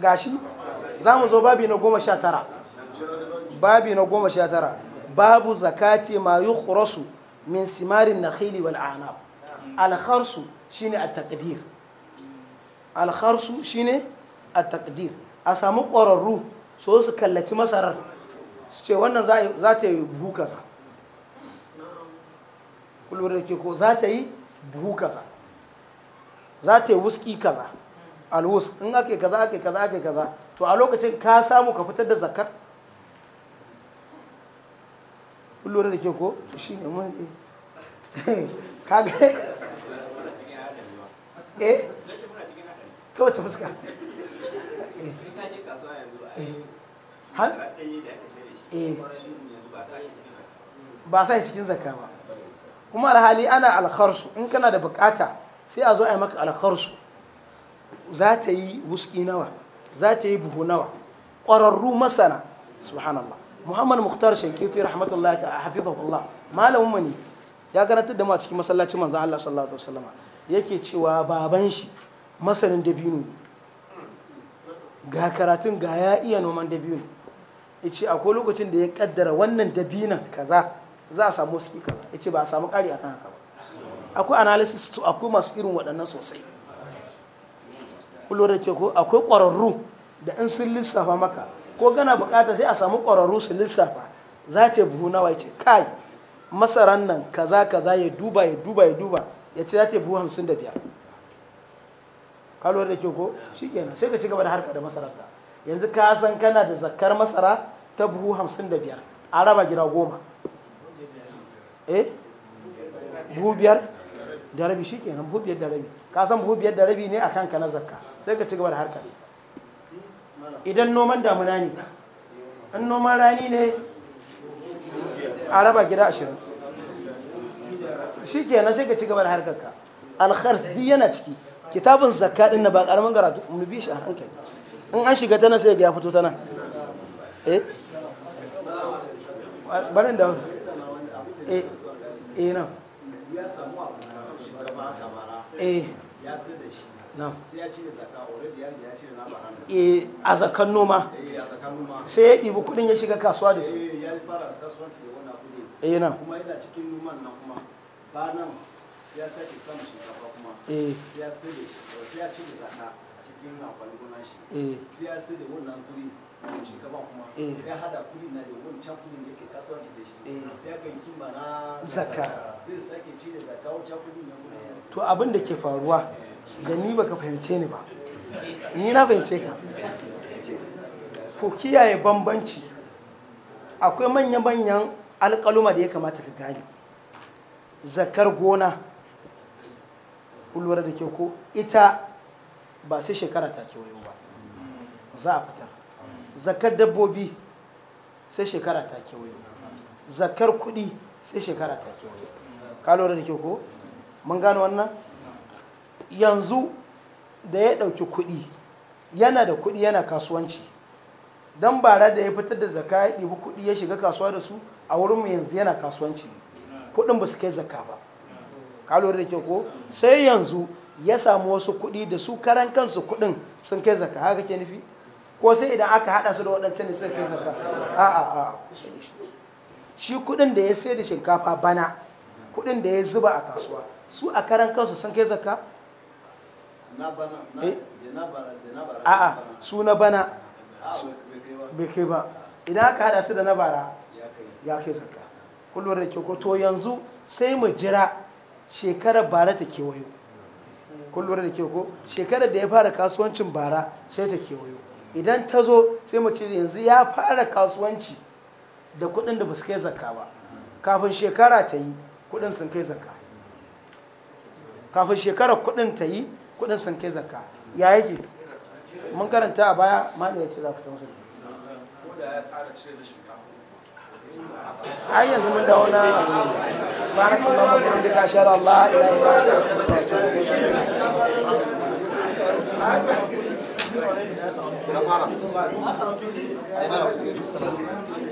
[SPEAKER 1] gashi za mu zo babi na goma sha tara babi na goma sha tara babu zakati ma yi khurasu min simarin na khili wal anab alkharsu shine a takdir alkharsu shine a takdir a samu ƙwararru so su kallaci masarar su ce wannan za ta yi buhu kaza kullum da ke ko za ta yi buhu kaza za ta yi wuski kaza alwus in ake kaza ake kaza ake kaza to a lokacin ka samu ka fitar da zakar kullum da ke ko shi ne mun eh. [laughs] ka ga [laughs] eh ta wace fuska [laughs] eh. ba sa cikin zakka ba kuma alhali ana alkharsu in kana da bukata sai a zo a yi maka alkharsu za ta yi wuski nawa za ta yi buhu nawa ƙwararru masana subhanallah muhammad muhtar shankiti rahmatullahi ta hafizahullah malamin mu ne ya garantar da mu a cikin masallacin manzan Allah sallallahu alaihi wasallam yake cewa baban shi masanin dabino ne ga karatun ga ya iya noman dabino yace akwai lokacin da ya kaddara wannan dabinan kaza za a samu ya yace ba a samu kari akan haka ba akwai analysis akwai masu irin waɗannan sosai kullum da ke ko akwai ƙwararru da in sun lissafa maka ko gana bukata sai a samu ƙwararru su lissafa za ta buhu nawa ya ce kai masaran nan kaza kaza ya duba ya duba ya duba ya ce za ta buhu hamsin da biyar ka da ke ko shi kenan sai ka ci gaba da harka da masararta yanzu ka san kana da zakkar masara ta buhu hamsin da biyar a raba gida goma eh buhu biyar da rabi shi kenan buhu biyar da rabi ka san buhu biyar da rabi ne a kanka na zakka sai ka ci gaba da harka da
[SPEAKER 2] ita
[SPEAKER 1] idan noman damuna ne an noman rani ne a raba gida ashirin shi ke yana sai ka ci gaba da harkarka di yana ciki kitabin zakka din na ba karamin karatu mu bi shi a hankali in an shiga tana sai ga ya fito tana eh barin da eh eh na
[SPEAKER 2] ya samu abu eh ya sai da shi sai ya cire zakka already ya ya cire nasa ranar eh a zakkan noma eh a sai ya ɗibi kuɗin ya shiga kasuwa da su eh ya fara kasuwanci da wannan kuɗi eh na kuma yana cikin numan nan kuma ba nan sai ya sake sama shinkafa kuma eh sai ya sai da shi sai ya cire zakka a cikin amfanin gonar shi eh sai ya sai da wannan kuɗi shinkafa kuma eh. sai ya hada kuri na da can kuri da ke kasuwanci da shi eh. sai ya kan kima na
[SPEAKER 1] zakka
[SPEAKER 2] zai sake cire zakka wancan kuɗin na kuɗin
[SPEAKER 1] to abin da ke faruwa eh. da ni baka fahimce ni ba ni na fahimce ka ku kiyaye bambanci akwai manya-manyan alƙaluma da ya kamata ka gane zakar gona lura da ke ko ita ba sai shekara ta kewayo ba za a fitar zakar dabbobi sai shekara ta kewayo zakar kuɗi sai shekara ta kewayo ka lura da ke ko mun gano wannan yanzu da ya ɗauki kuɗi yana da kuɗi yana kasuwanci don bara da ya fitar da zaka ya ɗibi kuɗi ya shiga kasuwa da su a wurin mu yanzu yana kasuwanci kuɗin ba su kai zaka ba ka da ke ko sai yanzu ya samu wasu kuɗi da su karan kansu kuɗin sun kai zaka haka ke nufi ko sai idan aka haɗa su da waɗancan ne sun kai zaka a a a shi kuɗin da ya sai da shinkafa bana kuɗin da ya zuba a kasuwa su a karan kansu sun kai zaka
[SPEAKER 2] Eh? a'a su na bana bai kai
[SPEAKER 1] ba idan aka hada su da na bara ya kai zakka kullum da ke ko to yanzu sai mu jira shekarar bara ta kewayo kullum da ke ko shekarar da ya fara kasuwancin bara sai ta kewayo idan ta zo sai mu ce yanzu ya fara kasuwanci da kuɗin da ba su kai zakka ba kafin shekara ta yi kuɗin sun kai zakka kafin shekarar kuɗin ta yi kudin sun kai zakka ya yake mun karanta a baya mali ya ce za ku ta musu ai yanzu mun dawo na subhanahu allahumma wa bihamdika ashhadu an la ilaha ila anta astaghfiruka wa atubu